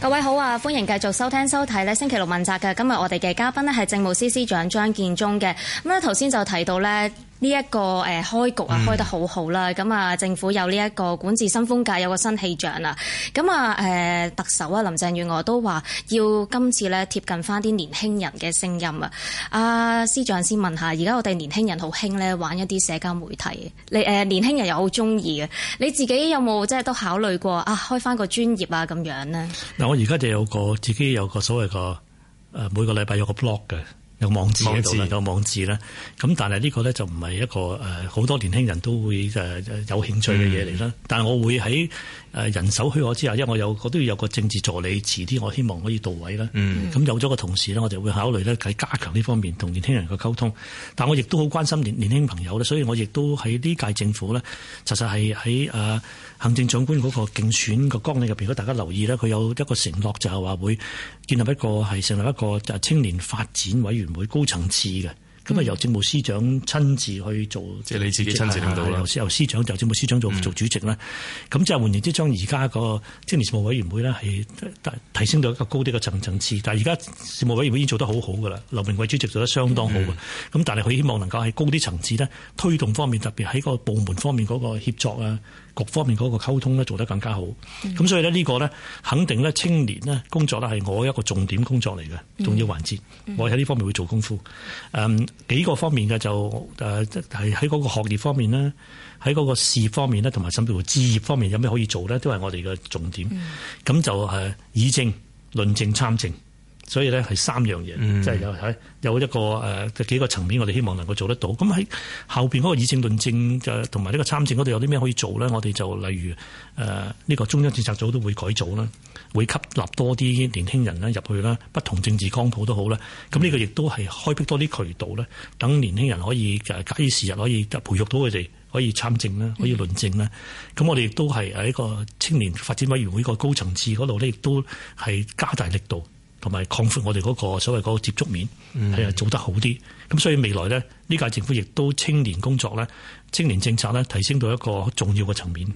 各位好啊，歡迎繼續收聽收睇呢星期六問責。今日我哋嘅嘉賓呢係政務司司長張建宗嘅。咁呢頭先就提到呢。呢、這、一個誒開局啊，開得好好啦！咁、嗯、啊，政府有呢一個管治新風格，有個新氣象啦。咁啊誒，特首啊林鄭月娥都話要今次咧貼近翻啲年輕人嘅聲音啊！啊司長先問下，而家我哋年輕人好興咧玩一啲社交媒體，你誒年輕人又好中意嘅，你自己有冇即係都考慮過啊開翻個專業啊咁樣呢？
嗱，我而家就有個自己有個所謂個誒每個禮拜有個 blog 嘅。有網誌喺度啦，有網誌啦。咁但係呢個咧就唔係一個誒，好多年輕人都會誒有興趣嘅嘢嚟啦。但係我會喺誒人手許可之下，因為我有我都要有個政治助理，遲啲我希望可以到位啦。嗯。咁有咗個同事呢，我就會考慮咧喺加強呢方面同年輕人嘅溝通。但我亦都好關心年年輕朋友咧，所以我亦都喺呢屆政府咧，實在係喺誒行政長官嗰個競選嘅綱領入邊，如果大家留意咧，佢有一個承諾就係話會建立一個係成立一個青年發展委員。會高層次嘅，咁啊由政務司長親自去做，即係你自己親自領導啦。由司由司長就由政務司長做做主席啦。咁即係換言之，將而家個事務委員會咧，係提升到一個高啲嘅層層次。但係而家事務委員會已經做得好好噶啦，劉明偉主席做得相當好嘅。咁、嗯、但係佢希望能夠喺高啲層次咧，推動方面，特別喺個部門方面嗰個協作啊。各方面嗰個溝通咧做得更加好，咁、嗯、所以咧呢個咧肯定咧青年咧工作咧係我一個重點工作嚟嘅重要環節，嗯嗯、我喺呢方面會做功夫。誒、嗯、幾個方面嘅就誒係喺嗰個學業方面咧，喺嗰個事業方面咧，同埋甚至乎置業方面有咩可以做咧，都係我哋嘅重點。咁、嗯、就誒議政、論政、參政。所以咧係三樣嘢，即係有有一個誒、呃、幾個層面，我哋希望能夠做得到。咁喺後邊嗰個議政論政就同埋呢個參政嗰度有啲咩可以做咧？我哋就例如誒呢、呃這個中央政策組都會改組啦，會吸納多啲年輕人咧入去啦，不同政治光譜都好啦。咁呢個亦都係開闢多啲渠道咧，等年輕人可以誒假以時日可以培育到佢哋可以參政啦，可以論政啦。咁、嗯、我哋亦都係喺一個青年發展委員會個高層次嗰度咧，亦都係加大力度。同埋擴闊我哋嗰個所謂嗰個接觸面，係、嗯、啊做得好啲。咁所以未來呢，呢屆政府亦都青年工作呢，青年政策呢，提升到一個重要嘅層面。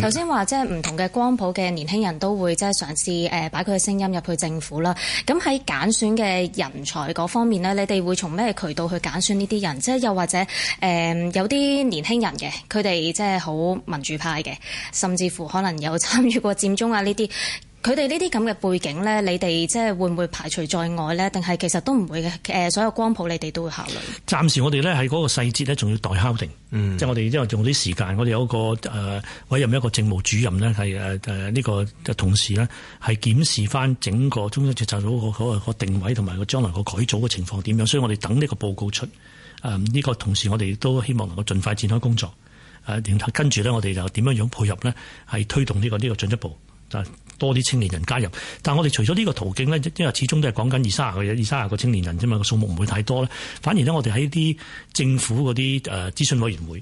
頭先話即係唔同嘅光譜嘅年輕人都會即係嘗試誒擺佢嘅聲音入去政府啦。咁喺揀選嘅人才嗰方面呢，你哋會從咩渠道去揀選呢啲人？即係又或者誒、呃、有啲年輕人嘅，佢哋即係好民主派嘅，甚至乎可能有參與過佔中啊呢啲。佢哋呢啲咁嘅背景呢，你哋即係會唔會排除在外呢？定係其實都唔會嘅。誒，所有光譜你哋都會考慮。
暫時我哋呢，係嗰個細節呢，仲要待敲定。嗯，即係我哋因為仲有啲時間，我哋有個誒委任一個政務主任呢，係誒誒呢個同事呢，係檢視翻整個中央政策組個定位同埋個將來個改組嘅情況點樣。所以我哋等呢個報告出，誒、這、呢個同事我哋都希望能夠盡快展開工作。誒。跟住呢，我哋就點樣樣配合呢？係推動呢個呢個進一步。多啲青年人加入，但係我哋除咗呢個途徑咧，因為始終都係講緊二三十個、二三十個青年人啫嘛，個數目唔會太多咧。反而咧，我哋喺啲政府嗰啲誒諮詢委員會，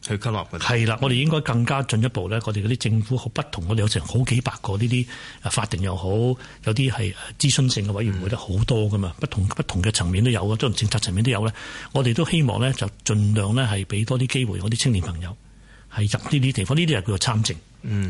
去交流嘅係啦。我哋應該更加進一步咧，我哋嗰啲政府好不同我哋有成好幾百個呢啲法定又好，有啲係諮詢性嘅委員會都好多噶嘛。不同不同嘅層面都有，即係政策層面都有咧。我哋都希望咧，就盡量咧係俾多啲機會我啲青年朋友係入呢啲地方。呢啲係叫做參政、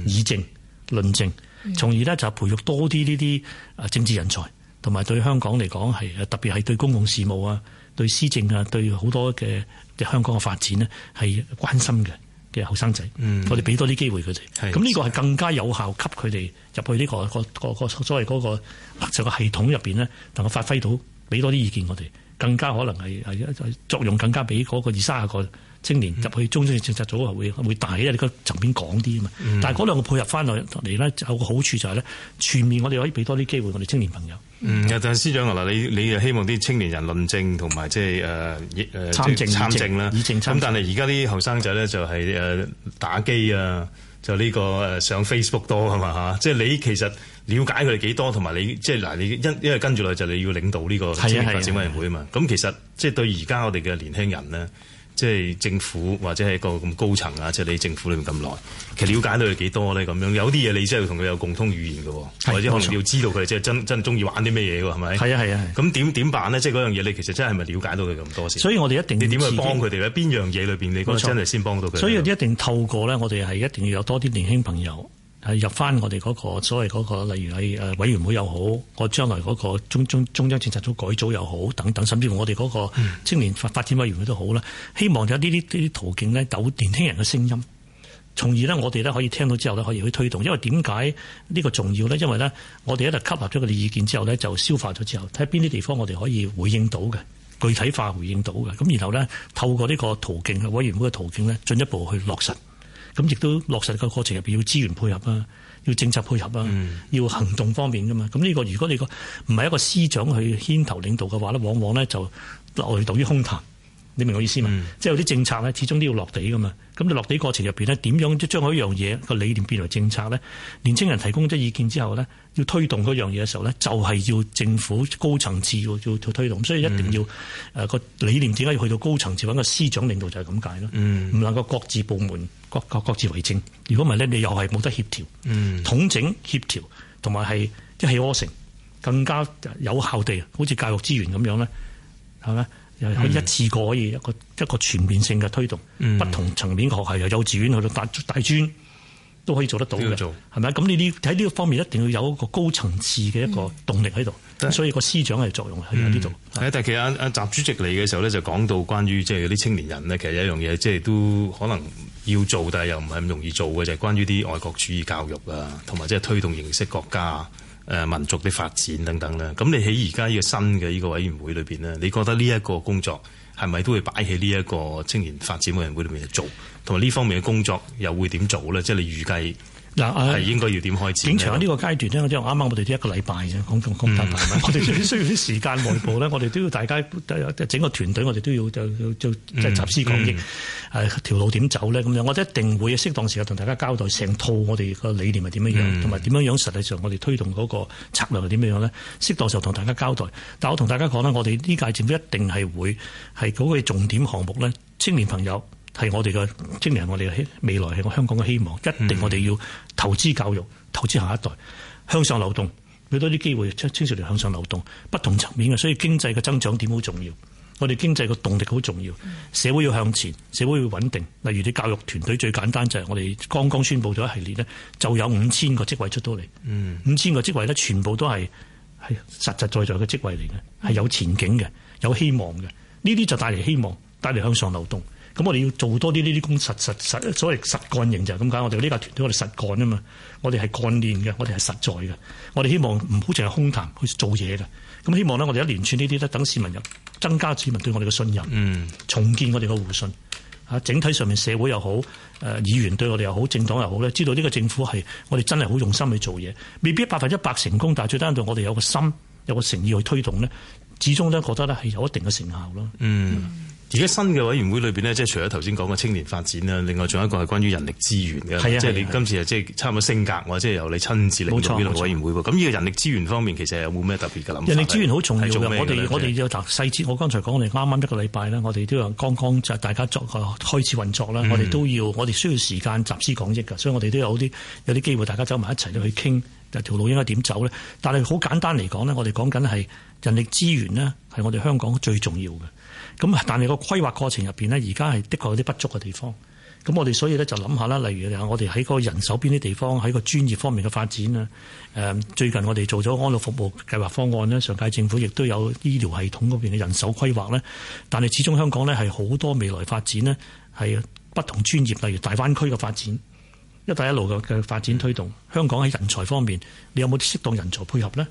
議政。論證，從而咧就培育多啲呢啲政治人才，同埋對香港嚟講係，特別係對公共事務啊、對施政啊、對好多嘅香港嘅發展呢，係關心嘅嘅後生仔。我哋俾多啲機會佢哋，咁呢個係更加有效，給佢哋入去、呢個、呢個、嗰個、所謂嗰、嗰個圾嘅系統入面呢，能夠發揮到俾多啲意見我哋，更加可能係作用更加畀嗰個二卅個。青年入去中央政策組啊，會會大嘅，因為個層面廣啲啊嘛。但係嗰兩個配合翻落嚟咧，有個好處就係咧，全面我哋可以俾多啲機會我哋青年朋友。嗯，
但係司長嗱，你你又希望啲青年人論證同埋即係誒誒參政參政啦。咁但係而家啲後生仔咧就係誒打機啊，就呢個上 Facebook 多啊嘛嚇。即係你其實了解佢哋幾多？同埋你即係嗱，你一因為跟住落就你要領導呢個青年發展委員會啊嘛。咁其實即係對而家我哋嘅年輕人咧。嗯即係政府或者係一個咁高層啊，即係你政府裏面咁耐，其實了解到佢幾多咧咁樣？有啲嘢你真係要同佢有共通語言嘅，或者可能要知道佢即係真真中意玩啲咩嘢喎？係咪？係啊係啊係。咁點點辦咧？即係嗰樣嘢，你其實真係咪了解到佢咁多先？所以我哋一定要你點去幫佢哋咧？邊樣嘢裏邊你真係先幫到佢？所以
一定透過咧，我哋係一定要有多啲年輕朋友。係入翻我哋嗰個所謂嗰個，例如係誒委員會又好，我將來嗰個中中中央政策組改組又好，等等，甚至乎我哋嗰個青年發發展委員會都好啦。希望有呢啲啲途徑咧，有年輕人嘅聲音，從而呢，我哋咧可以聽到之後咧，可以去推動。因為點解呢個重要咧？因為咧，我哋一係吸納咗佢哋意見之後咧，就消化咗之後，睇下邊啲地方我哋可以回應到嘅，具體化回應到嘅。咁然後咧，透過呢個途徑，委員會嘅途徑咧，進一步去落實。咁亦都落實實嘅過程入面，要資源配合啊，要政策配合啊，要行動方面㗎嘛。咁呢個如果你個唔係一個司長去牽頭領導嘅話咧，往往呢就流於空談。你明我意思嘛、嗯？即係有啲政策咧，始終都要落地噶嘛。咁你落地過程入邊咧，點樣將嗰樣嘢個理念變為政策咧？年輕人提供咗意見之後咧，要推動嗰樣嘢嘅時候咧，就係、是、要政府高層次要要做推動、嗯。所以一定要誒個理念點解要去到高層次揾個司長領導就係咁解咯。唔、嗯、能夠各自部門各各各自為政。如果唔係咧，你又係冇得協調統整協調，同埋係即係 all 更加有效地，好似教育資源咁樣咧，係咪？可以一次過可以一個一個全面性嘅推動、嗯，不同層面學校由幼稚園去到大大，大專都可以做得到嘅，係咪？咁你呢喺呢個方面一定要有一個高層次嘅一個動力喺度、嗯，所以個司長嘅作用喺呢度。但
係其實阿習主席嚟嘅時候咧，就講到關於即係啲青年人咧，其實有一樣嘢，即係都可能要做，但係又唔係咁容易做嘅，就係、是、關於啲愛國主義教育啊，同埋即係推動認識國家。誒民族嘅發展等等啦，咁你喺而家呢個新嘅呢個委員會裏邊咧，你覺得呢一個工作係咪都會擺喺呢一個青年發展委員會裏面去做，同埋呢方面嘅工作又會點做咧？即係你預計。嗱，係應該要點開始？展長呢
個階段咧，即係啱啱我哋都一個禮拜啫，公眾公我哋最需要啲時間內部咧， [LAUGHS] 我哋都要大家整個團隊，我哋都要就就就集思廣益，誒、嗯嗯啊、條路點走咧？咁樣我哋一定會適當時候同大家交代成套我哋個理念係點樣樣，同埋點樣樣實際上我哋推動嗰個策略係點樣樣咧？適當時候同大家交代。但我同大家講咧，我哋呢屆政府一定係會係嗰個重點項目咧，青年朋友。係我哋嘅青年，我哋嘅希未來係我香港嘅希望。一定我哋要投資教育，投資下一代向上流動，俾多啲機會青青少年向上流動。不同層面嘅，所以經濟嘅增長點好重要。我哋經濟嘅動力好重要，社會要向前，社會要穩定。例如，啲教育團隊最簡單就係我哋剛剛宣佈咗一系列咧，就有五千個職位出到嚟。嗯、五千個職位咧，全部都係係實實在在嘅職位嚟嘅，係有前景嘅，有希望嘅。呢啲就帶嚟希望，帶嚟向上流動。咁我哋要做多啲呢啲工，實實實所謂實幹型就係咁解。我哋呢個團隊，我哋實幹啊嘛，我哋係幹練嘅，我哋係實在嘅。我哋希望唔好淨係空談，去做嘢嘅。咁希望咧，我哋一連串呢啲咧，等市民入增加市民對我哋嘅信任，重建我哋嘅互信。啊，整體上面社會又好，誒，議員對我哋又好，政黨又好咧，知道呢個政府係我哋真係好用心去做嘢。未必百分之一百成功，但係最緊要我哋有個心，有個誠意去推動咧，始終都覺得咧係有一定嘅成效咯。嗯。
而家新嘅委員會裏邊咧，即係除咗頭先講嘅青年發展啦，另外仲有一個係關於人力資源嘅，係啊即係你今次啊，即係差唔多升格，或者係由你親自嚟到委員會咁，呢個人力資源方面，其實有冇咩特別嘅諗法？人力資源好重要嘅，我哋我哋要
揀細節。我剛才講，我哋啱啱一個禮拜咧，我哋都有剛剛就大家作個開始運作啦。我哋都要，我哋需要時間集思廣益嘅、嗯，所以我哋都有啲有啲機會，大家走埋一齊去傾，條路應該點走呢？但係好簡單嚟講呢，我哋講緊係人力資源呢，係我哋香港最重要嘅。咁但係個規劃過程入面呢，而家係的確有啲不足嘅地方。咁我哋所以咧就諗下啦，例如我哋喺個人手邊啲地方，喺個專業方面嘅發展啊。誒，最近我哋做咗安老服務計劃方案呢，上屆政府亦都有醫療系統嗰邊嘅人手規劃呢，但係始終香港呢，係好多未來發展呢係不同專業，例如大灣區嘅發展、一帶一路嘅嘅發展推動。香港喺人才方面，你有冇適當人才配合呢？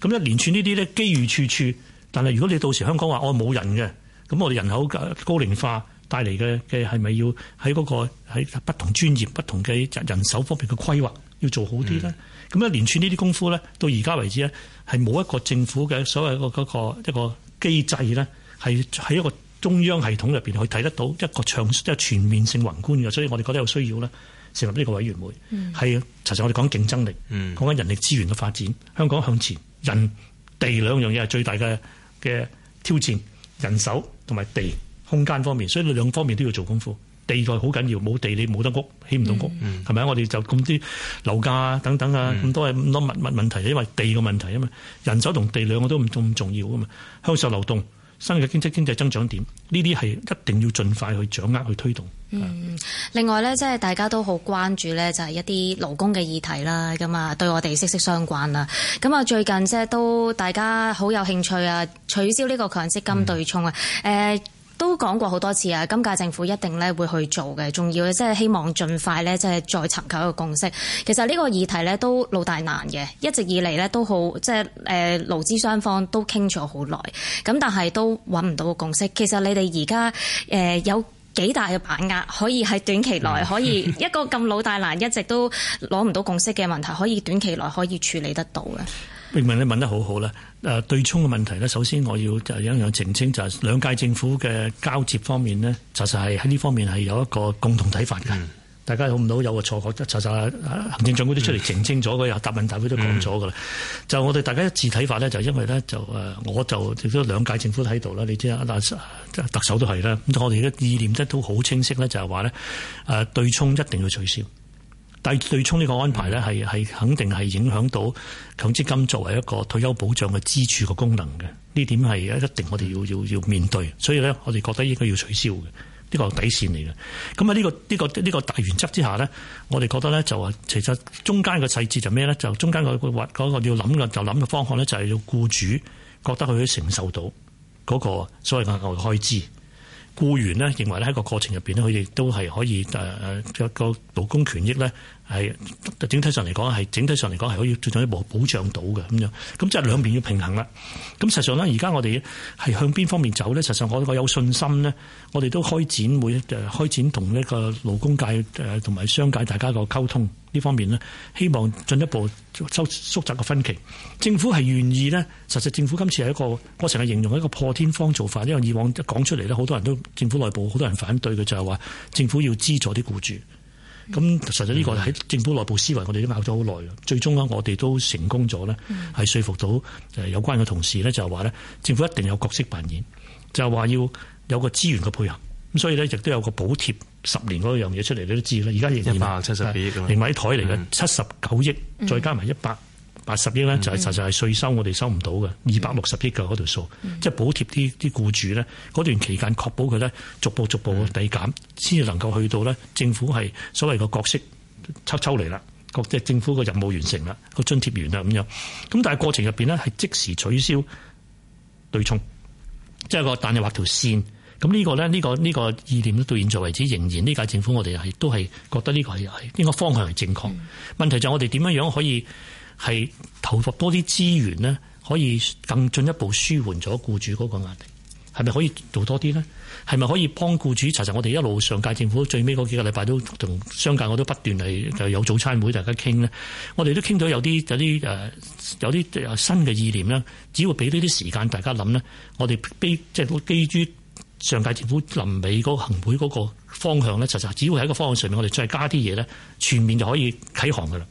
咁一連串呢啲呢，機遇處處，但係如果你到時香港話我冇人嘅。咁我哋人口高齡化帶嚟嘅嘅係咪要喺嗰、嗰個喺不同專業、不同嘅人手方面嘅規劃要做好啲咧？咁、嗯、一連串呢啲功夫咧，到而家為止咧，係冇一個政府嘅所謂嘅、嗰個嗰一個機制咧，係喺一個中央系統入邊去睇得到一個長即係全面性宏觀嘅，所以我哋覺得有需要咧成立呢個委員會，係、嗯、其實我哋講競爭力，講、嗯、緊人力資源嘅發展，香港向前人地兩樣嘢係最大嘅嘅挑戰。人手同埋地空間方面，所以兩方面都要做功夫。地在好緊要，冇地你冇得屋，起唔到屋，係咪啊？我哋就咁啲樓價啊，等等啊，咁多係咁多乜乜問題，因為地嘅問題啊嘛。人手同地兩個都咁重要啊嘛，向上流動。新嘅經濟經濟增長點呢啲係一定要盡快去掌握，去推動。
嗯，另外呢，即係大家都好關注呢，就係一啲勞工嘅議題啦，咁啊，對我哋息息相關啦。咁啊，最近即係都大家好有興趣啊，取消呢個強積金對沖啊，嗯呃都講過好多次啊！今屆政府一定咧會去做嘅，仲要即係希望盡快咧即係再尋求一個共識。其實呢個議題咧都老大難嘅，一直以嚟咧都好即係誒勞資雙方都傾咗好耐，咁但係都揾唔到個共識。其實你哋而家誒有幾大嘅把握可以喺短期內可以一個咁老大難一直都攞唔到共識嘅問題，可以短期內可以處理得到嘅？
明明你問得好好啦，誒對沖嘅問題呢，首先我要就一樣澄清，就兩、是、屆政府嘅交接方面呢，實實係喺呢方面係有一個共同睇法嘅，嗯。大家好唔到有個錯覺，實實行政長官都出嚟，嗯、澄清咗，佢又答問大會都講咗㗎啦。就我哋大家一致睇法呢，就因為呢，就誒，我就亦都兩屆政府喺度啦，你知啊，特首都係啦。咁我哋嘅意念得都好清晰咧，就係話呢誒對沖一定要取消。但係對沖呢個安排咧，係係肯定係影響到強積金作為一個退休保障嘅支柱個功能嘅。呢點係一定我哋要要要面對，所以咧我哋覺得應該要取消嘅，呢個係底線嚟嘅。咁喺呢個呢個呢個大原則之下咧，我哋覺得咧就話其實中間嘅細節就咩咧，就中間個話嗰個要諗嘅就諗嘅方案咧，就係要僱主覺得佢可以承受到嗰個所謂嘅開支。雇員，咧認為咧喺個過程入面，咧，佢哋都係可以誒個勞工權益咧係整體上嚟講係整體上嚟講係可以進一步保障到嘅咁樣，咁即係兩邊要平衡啦。咁實上咧，而家我哋係向邊方面走咧？實上我我有信心咧，我哋都開展會開展同呢個勞工界同埋商界大家個溝通。呢方面呢，希望進一步收縮窄個分歧。政府係願意呢，實際政府今次係一個，我成日形容一個破天荒做法，因為以往一講出嚟呢，好多人都政府內部好多人反對嘅，就係話政府要資助啲僱主。咁實際呢個喺政府內部思維，我哋都拗咗好耐。最終呢，我哋都成功咗呢，係說服到有關嘅同事呢，就係話呢，政府一定有角色扮演，就係話要有個資源嘅配合。所以咧，亦都有個補貼十年嗰樣嘢出嚟，你都知啦。而家亦二百七十幾億，連埋台嚟嘅七十九億、嗯，再加埋一百八十億咧、嗯，就係、是、實際係稅收我哋收唔到嘅二百六十億嘅嗰條數。嗯、即係補貼啲啲僱主咧，嗰段期間確保佢咧逐步逐步嘅抵減，先、嗯、至能夠去到咧政府係所謂嘅角色抽抽嚟啦，即係政府嘅任務完成啦，個津貼完啦咁樣。咁但係過程入面咧係即時取消對沖，即係個但係畫條線。咁呢個咧，呢個呢、這個這個意念咧，到現在為止仍然呢屆政府，我哋都係覺得呢個係係呢個方向係正確。問題就係我哋點樣樣可以係投入多啲資源咧，可以更進一步舒緩咗僱主嗰個壓力，係咪可以做多啲咧？係咪可以幫僱主？其實我哋一路上屆政府最尾嗰幾個禮拜都同商界我都不斷就有早餐會大家傾咧。我哋都傾到有啲有啲有啲新嘅意念啦，只要俾呢啲時間大家諗咧，我哋記即係基於。上屆政府臨尾嗰行會嗰個方向咧，其實只要喺一個方向上面，我哋再加啲嘢咧，全面就可以啟航噶啦。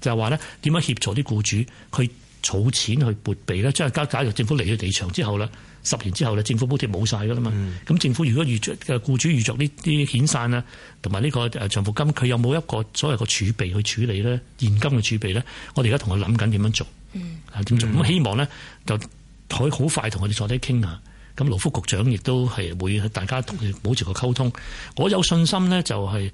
就係話咧，點樣協助啲僱主去儲錢去撥備咧？即係假如政府嚟到地場之後啦，十年之後咧，政府補貼冇晒噶啦嘛。咁、嗯、政府如果預着嘅僱主預着呢啲遣散啊，同埋呢個誒長服金，佢有冇一個所謂個儲備去處理咧？現金嘅儲備咧，我哋而家同佢諗緊點樣做啊？點、嗯、做咁希望咧就可以好快同佢哋坐低傾下談談。咁勞福局長亦都係會大家同佢保持個溝通，我有信心咧就係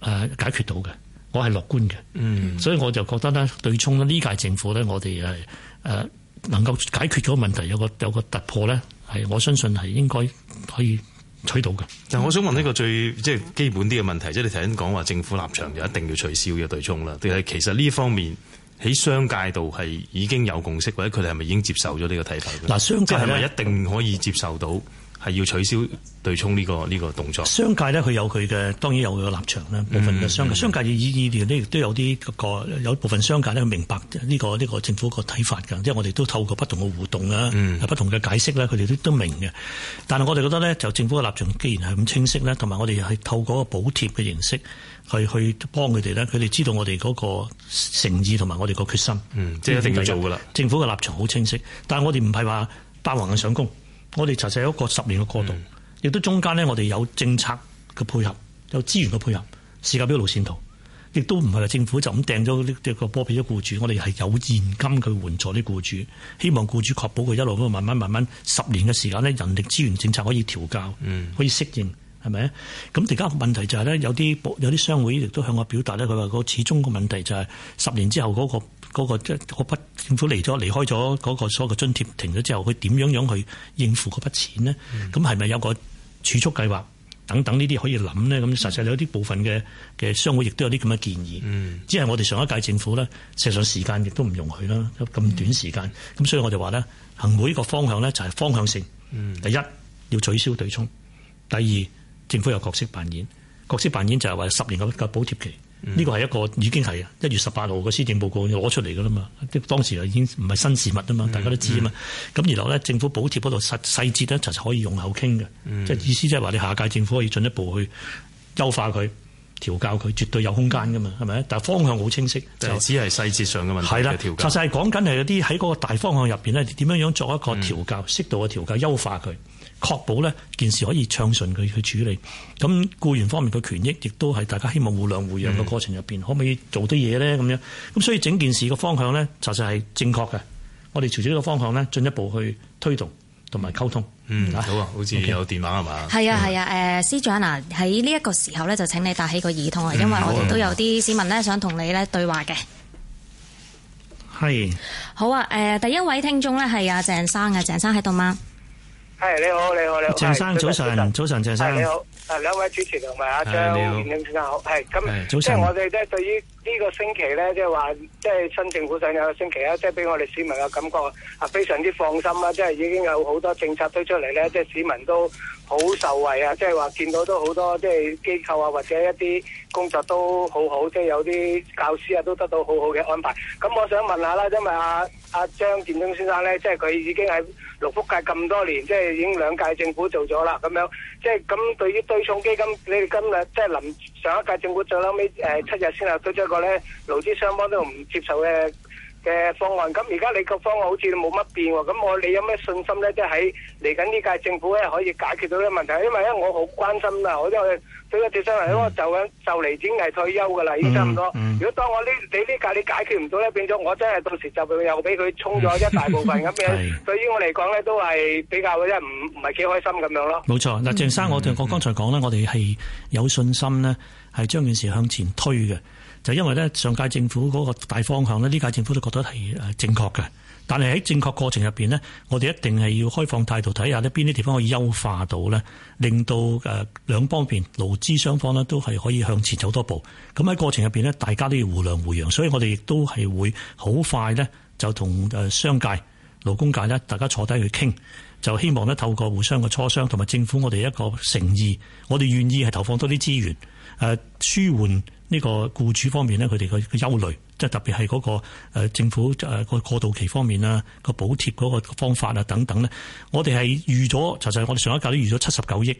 誒解決到嘅，我係樂觀嘅。嗯，所以我就覺得咧，對沖呢屆政府咧，我哋係誒能夠解決咗問題，有個有個突破咧，係我相信係應該可以取到嘅。但係我想問
呢個最即係基本啲嘅問題，即係你頭先講話政府立場就一定要取消嘅對沖啦，定係其實呢方面。喺商界度係已經有共識，或者佢哋係咪已經接受咗呢個睇法？嗱，商界係咪、就係、一定可以接受到？係要取消對沖呢個呢個動作？商
界咧，佢有佢嘅，當然有佢嘅立場啦、嗯。部分嘅商界、嗯、商界以意年呢亦都有啲個有部分商界咧明白呢、呢個呢、呢個政府個睇法㗎。即係我哋都透過不同嘅互動啦、嗯，不同嘅解釋呢，佢哋都都明嘅。但係我哋覺得咧，就政府嘅立場既然係咁清晰呢，同埋我哋係透過個補貼嘅形式。去去幫佢哋咧，佢哋知道我哋嗰個誠意同埋我哋個決心。嗯，即係一定做㗎啦。政府嘅立場好清晰，但係我哋唔係話霸王硬上弓。嗯、我哋實際一個十年嘅過渡，嗯、亦都中間咧，我哋有政策嘅配合，有資源嘅配合，時間表、路線圖，亦都唔係話政府就咁掟咗呢個波俾咗僱主。我哋係有現金去援助啲僱主，希望僱主確保佢一路都慢慢慢慢十年嘅時間咧，人力資源政策可以調校，可以適應。嗯係咪？咁而家個問題就係，是，咧，有啲有啲商會亦都向我表達咧，佢話嗰，始終個問題就係十年之後嗰，嗰個即係嗰政府嚟咗離開咗嗰個所有嘅津貼停咗之後，佢點樣樣去應付嗰筆錢咧？咁係咪有個儲蓄計劃等等呢啲可以諗咧？咁，嗯、實際有啲部分嘅嘅商會亦都有啲咁嘅建議。嗯，只係我哋上一屆政府咧，其實時間亦都唔容許啦，咁短時間。咁所以我哋話咧，行每一個方向咧就係方向性。第一要取消對沖，第二。政府有角色扮演，角色扮演就係話十年個個補貼期，呢個係一個已經係啊！一月十八號個施政報告攞出嚟噶啦嘛，當時就已經唔係新事物啊嘛、嗯嗯，大家都知啊嘛。咁然後咧，政府補貼嗰度細細節咧，就係可以用口傾嘅，即、嗯、係意思即係話你下屆政府可以進一步去優化佢、調教佢，絕對有空間噶嘛，係咪？但係方向好清晰，就係、只係細節上嘅問題嘅調教，係啦，調教，其實係講緊係有啲喺嗰個大方向入邊咧，點樣樣作一個調教，適、嗯、度嘅調教，優化佢。確保呢件事可以暢順佢去處理，咁雇員方面嘅權益亦都係大家希望互諒互讓嘅過程入邊、嗯，可唔可以做啲嘢咧？咁樣咁所以整件事嘅方向呢，其實係正確嘅。我哋朝住呢個方向呢，進一步去推動同埋溝通。嗯，好啊，嗯、好似有電話係嘛？
係
啊係啊，誒、啊啊、司長嗱，喺呢一個時候呢，就請你戴起個耳筒啊，因為我哋都有啲市民呢，想同你呢對話嘅。
係、嗯。
好啊，誒第一位聽眾呢，係阿鄭生嘅，鄭生喺度嗎？
係你好，你好，你好，鄭生早晨，
早晨，鄭生你好，誒兩
位主持同埋阿張你好，你好，係咁，早晨，即係我哋即係對於。呢、這個星期呢，即係話，即係新政府上有個星期咧，即係俾我哋市民嘅感覺啊，非常之放心啦！即係已經有好多政策推出嚟呢，即係市民都好受惠啊！即係話見到都好多，即係機構啊，或者一啲工作都好好，即係有啲教師啊都得到好好嘅安排。咁我想問下啦，因為阿阿張建宗先生呢，即係佢已經喺六福界咁多年，即係已經兩屆政府做咗啦，咁樣即係咁。就是、對於對沖基金，你哋今日即係臨上一屆政府最後尾誒七日先啊，推出一個，咧，勞資雙方都唔接受嘅嘅方案。咁而家你個方案好似都冇乜變喎。咁我你有咩信心咧？即係喺嚟緊呢屆政府咧，可以解決到呢個問題？因為咧，我好關心啦。我因為對個退休嚟講，就緊就嚟已經係退休噶啦，已經差唔多。如果當我呢你呢屆你解決唔到咧，變咗我真係到時就又俾佢沖咗一大部分咁樣。對 [LAUGHS] 於我嚟講咧，都係比較即係唔唔係幾開心咁樣咯。冇
錯嗱，鄭生，嗯、我哋我剛才講咧、嗯，我哋係有信心咧，係將件事向前推嘅。就因為咧，上屆政府嗰個大方向咧，呢屆政府都覺得係誒正確嘅。但係喺正確過程入邊呢，我哋一定係要開放態度睇下呢邊啲地方可以優化到咧，令到誒兩方面勞資雙方呢都係可以向前走多步。咁喺過程入邊呢，大家都要互諒互讓。所以我哋亦都係會好快呢，就同誒商界、勞工界呢大家坐低去傾，就希望呢透過互相嘅磋商同埋政府，我哋一個誠意，我哋願意係投放多啲資源誒舒緩。呢個僱主方面咧，佢哋嘅個憂慮，即係特別係嗰個政府誒個過渡期方面啦，個補貼嗰個方法啊等等咧，我哋係預咗，就就我哋上一屆都預咗七十九億，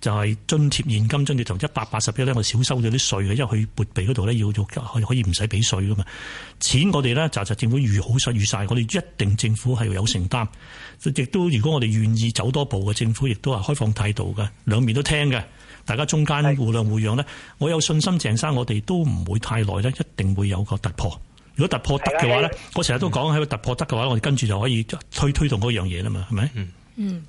就係、是、津貼現金津貼同一百八十億咧，我哋少收咗啲稅嘅，因為佢撥備嗰度咧要要可可以唔使俾稅噶嘛，錢我哋咧就就政府預好曬預晒，我哋一定政府係有承擔，亦都如果我哋願意走多步嘅政府，亦都係開放態度嘅，兩面都聽嘅。大家中間互諒互讓咧，我有信心鄭生，我哋都唔會太耐咧，一定會有個突破。如果突破得嘅話咧，我成日都講喺個突破得嘅話，我哋跟住就可以推推動嗰樣嘢啦嘛，係咪？嗯嗯，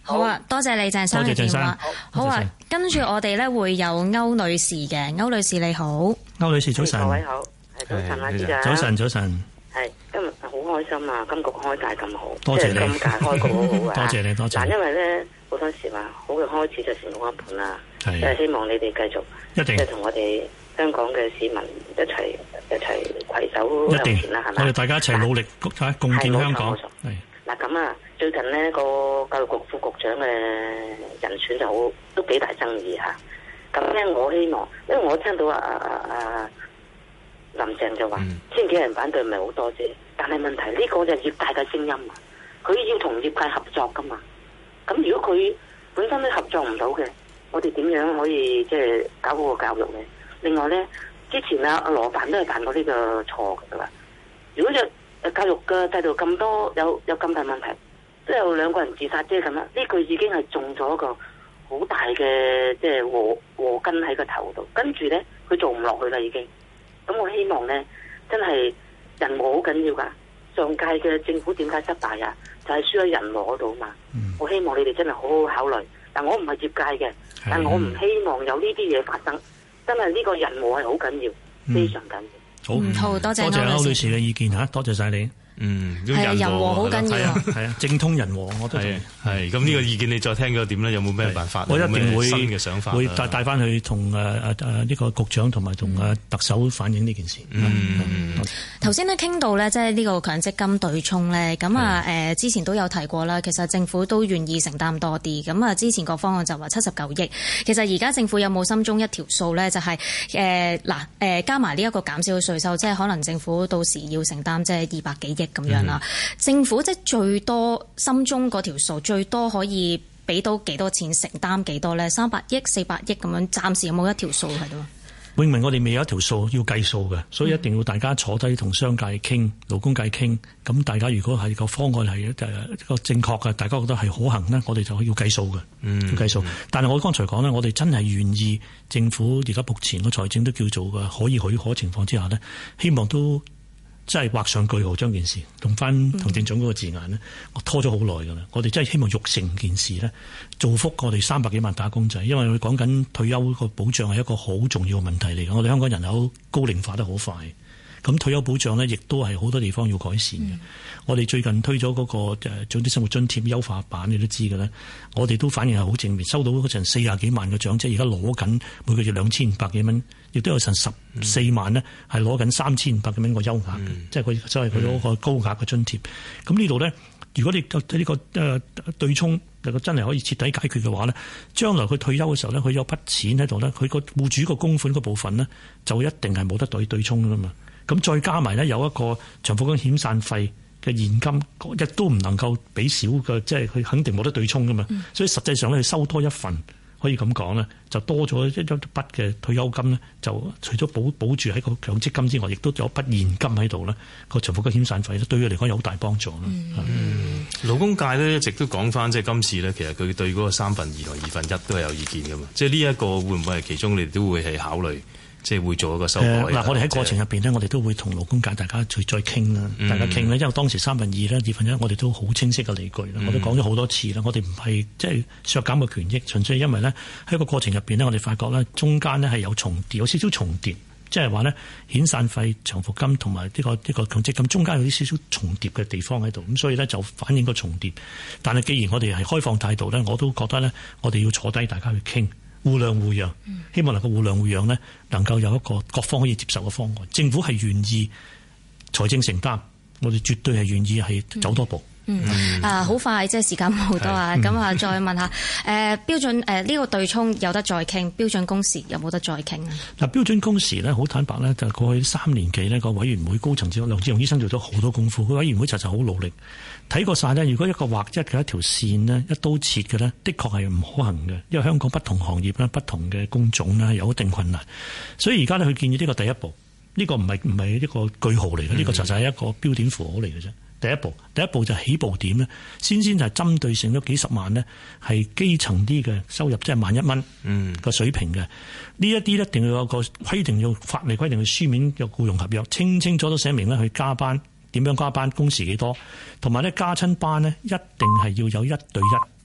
好啊，多謝你鄭生，多謝鄭生好。好啊，跟住我哋咧會有歐女士嘅、嗯，歐女士你好。
歐女士早晨，各位好，早晨早晨早晨，
係今日好開心啊！今局開解咁好，多謝你。金好、啊、 [LAUGHS] 多謝你多謝因為咧好多時話，好嘅開始就成功一半啦。係、就是、希望你哋繼續，即係同我哋香港嘅市民一齊一齊攜手
向前啦，係我哋大家一齊努力，共建香港。
嗱咁啊，最近呢個教育局副局長嘅人選就好都幾大爭議吓。咁咧，我希望，因為我聽到啊啊林鄭就話、嗯，千幾人反對唔係好多啫。但係問題呢、這個就係業界嘅聲音啊，佢要同業界合作噶嘛。咁如果佢本身都合作唔到嘅。我哋點樣可以即係、就是、搞好個教育呢？另外呢，之前啊羅范都係犯過呢個錯噶啦。如果個教育嘅制度咁多有有咁大問題，即係兩個人自殺啫咁啦，呢句已經係中咗一個好大嘅即係禍根喺個頭度。跟住呢，佢做唔落去啦已經。咁我希望呢，真係人和好緊要噶。上屆嘅政府點解失敗啊？就係、是、輸喺人和嗰度啊嘛。我希望你哋真係好好考慮。但我唔係業界嘅，但我唔希望有呢啲嘢發生。真係呢個任務係好緊要、嗯，非常緊
要。好，唔、嗯、好，多謝，謝，謝，謝，謝你，多謝啊，歐女士嘅意見多謝晒你。嗯，係啊，人和好緊要，啊。係啊， [LAUGHS] 正通人和我都係係咁呢個
意見，你再聽咗點咧？有冇咩辦法？我一定會想法會帶
帶翻去同誒誒誒呢個局長同埋同啊特首反映呢件事。嗯，
頭先咧傾到咧，即係呢個強積金對沖咧，咁啊誒之前都有提過啦。其實政府都願意承擔多啲，咁啊之前個方案就話七十九億。其實而家政府有冇心中一條數咧？就係誒嗱誒加埋呢一個減少嘅稅收，即係可能政府到時要承擔即係二百幾億。咁樣啦，政府即係最多心中嗰條數，最多可以俾到幾多錢承擔幾多咧？三百億、四百億咁樣，暫時有冇一條數喺度？
永明，我哋未有一條數，明我沒有一條數要計數嘅，所以一定要大家坐低同商界傾、嗯、勞工界傾。咁大家如果係個方案係一個正確嘅，大家覺得係可行呢，我哋就要計數嘅，嗯，計數。但係我剛才講咧，我哋真係願意政府而家目前個財政都叫做嘅可以許可，以可，以可以情況之下呢，希望都。真係畫上句號，將件事同翻同政總嗰個字眼咧，我拖咗好耐㗎啦。我哋真係希望玉成件事咧，造福我哋三百幾萬打工仔，因為佢講緊退休個保障係一個好重要嘅問題嚟。我哋香港人口高齡化得好快。咁退休保障咧，亦都係好多地方要改善嘅，嗯。我哋最近推咗嗰、嗰個長者生活津貼優化版，你都知嘅啦。我哋都反應係好正面，收到嗰陣四十幾萬嘅獎，即係而家攞緊每個月兩千五百幾蚊，亦都有成十四萬呢，係攞緊三千五百幾蚊個優額，嗯、即係佢收係佢嗰個高額嘅津貼。咁、嗯、呢度咧，如果你就呢個誒對沖，如真係可以徹底解決嘅話咧，將來佢退休嘅時候咧，佢有筆錢喺度咧，佢個戶主個供款嗰部分咧，就一定係冇得對對沖㗎嘛。咁再加埋咧，有一個長服金遣散費嘅現金，亦都唔能夠俾少嘅，即係佢肯定冇得對沖噶嘛。所以實際上咧，收多一份，可以咁講咧，就多咗一筆嘅退休金咧，就除咗保保住喺個強積金之外，亦都有一筆現金喺度咧。個長服金遣散費咧，對佢嚟講有好大幫助咯。嗯，
勞工界咧，一直都講翻，即係今次咧，其實佢對嗰個三分二同二分一都係有意見噶嘛。即係呢一個會唔會係其中你哋都會係考慮？即係會做一個修改。嗱、嗯就是，我哋喺過程入
面呢，我哋都會同勞工界大家再再傾啦，大家傾呢、嗯、因為當時三分二呢，二分一，我哋都好清晰嘅理據啦。我都講咗好多次啦。我哋唔係即係削減個權益，純粹係因為呢，喺個過程入面呢，我哋發覺呢，中間呢係有重疊，有少少重疊，即係話呢，遣散費、長服金同埋呢個呢、這個強積金中間有啲少少重疊嘅地方喺度。咁所以呢，就反映個重疊。但係既然我哋係開放態度呢，我都覺得呢，我哋要坐低大家去傾。互諒互讓，希望能夠互諒互讓咧，能夠有一個各方可以接受嘅方案。政府係願意財政承擔，我哋絕對係願意係走多步。嗯
嗯，嗯，啊，好快，即係時間冇多啊。咁啊、嗯，再問下，誒、呃，標準誒呢、呃這個對沖有得再傾，標準工時有冇得再傾啊？
嗱、嗯，標準工時咧，好坦白咧，就係、過去三年幾呢個委員會高層，即係梁智鴻醫生做咗好多功夫，佢委員會查實好努力睇過晒咧。如果一個劃一嘅一條線呢，一刀切嘅呢，的確係唔可行嘅，因為香港不同行業啦，不同嘅工種呢，有一定困難。所以而家呢，佢建議呢個第一步，呢、這個唔係唔係一個句號嚟嘅，呢、這個查實係一個標點符號嚟嘅啫。嗯嗯。第一步，第一步就起步點咧，先先就針對性咗幾十萬咧，係基層啲嘅收入，即係萬一蚊個水平嘅。呢一啲一定要有個規定，要法律，要法例規定，要書面嘅僱傭合約，清清楚楚寫明咧，佢加班點樣加班，工時幾多，同埋咧加親班咧，一定係要有一對一。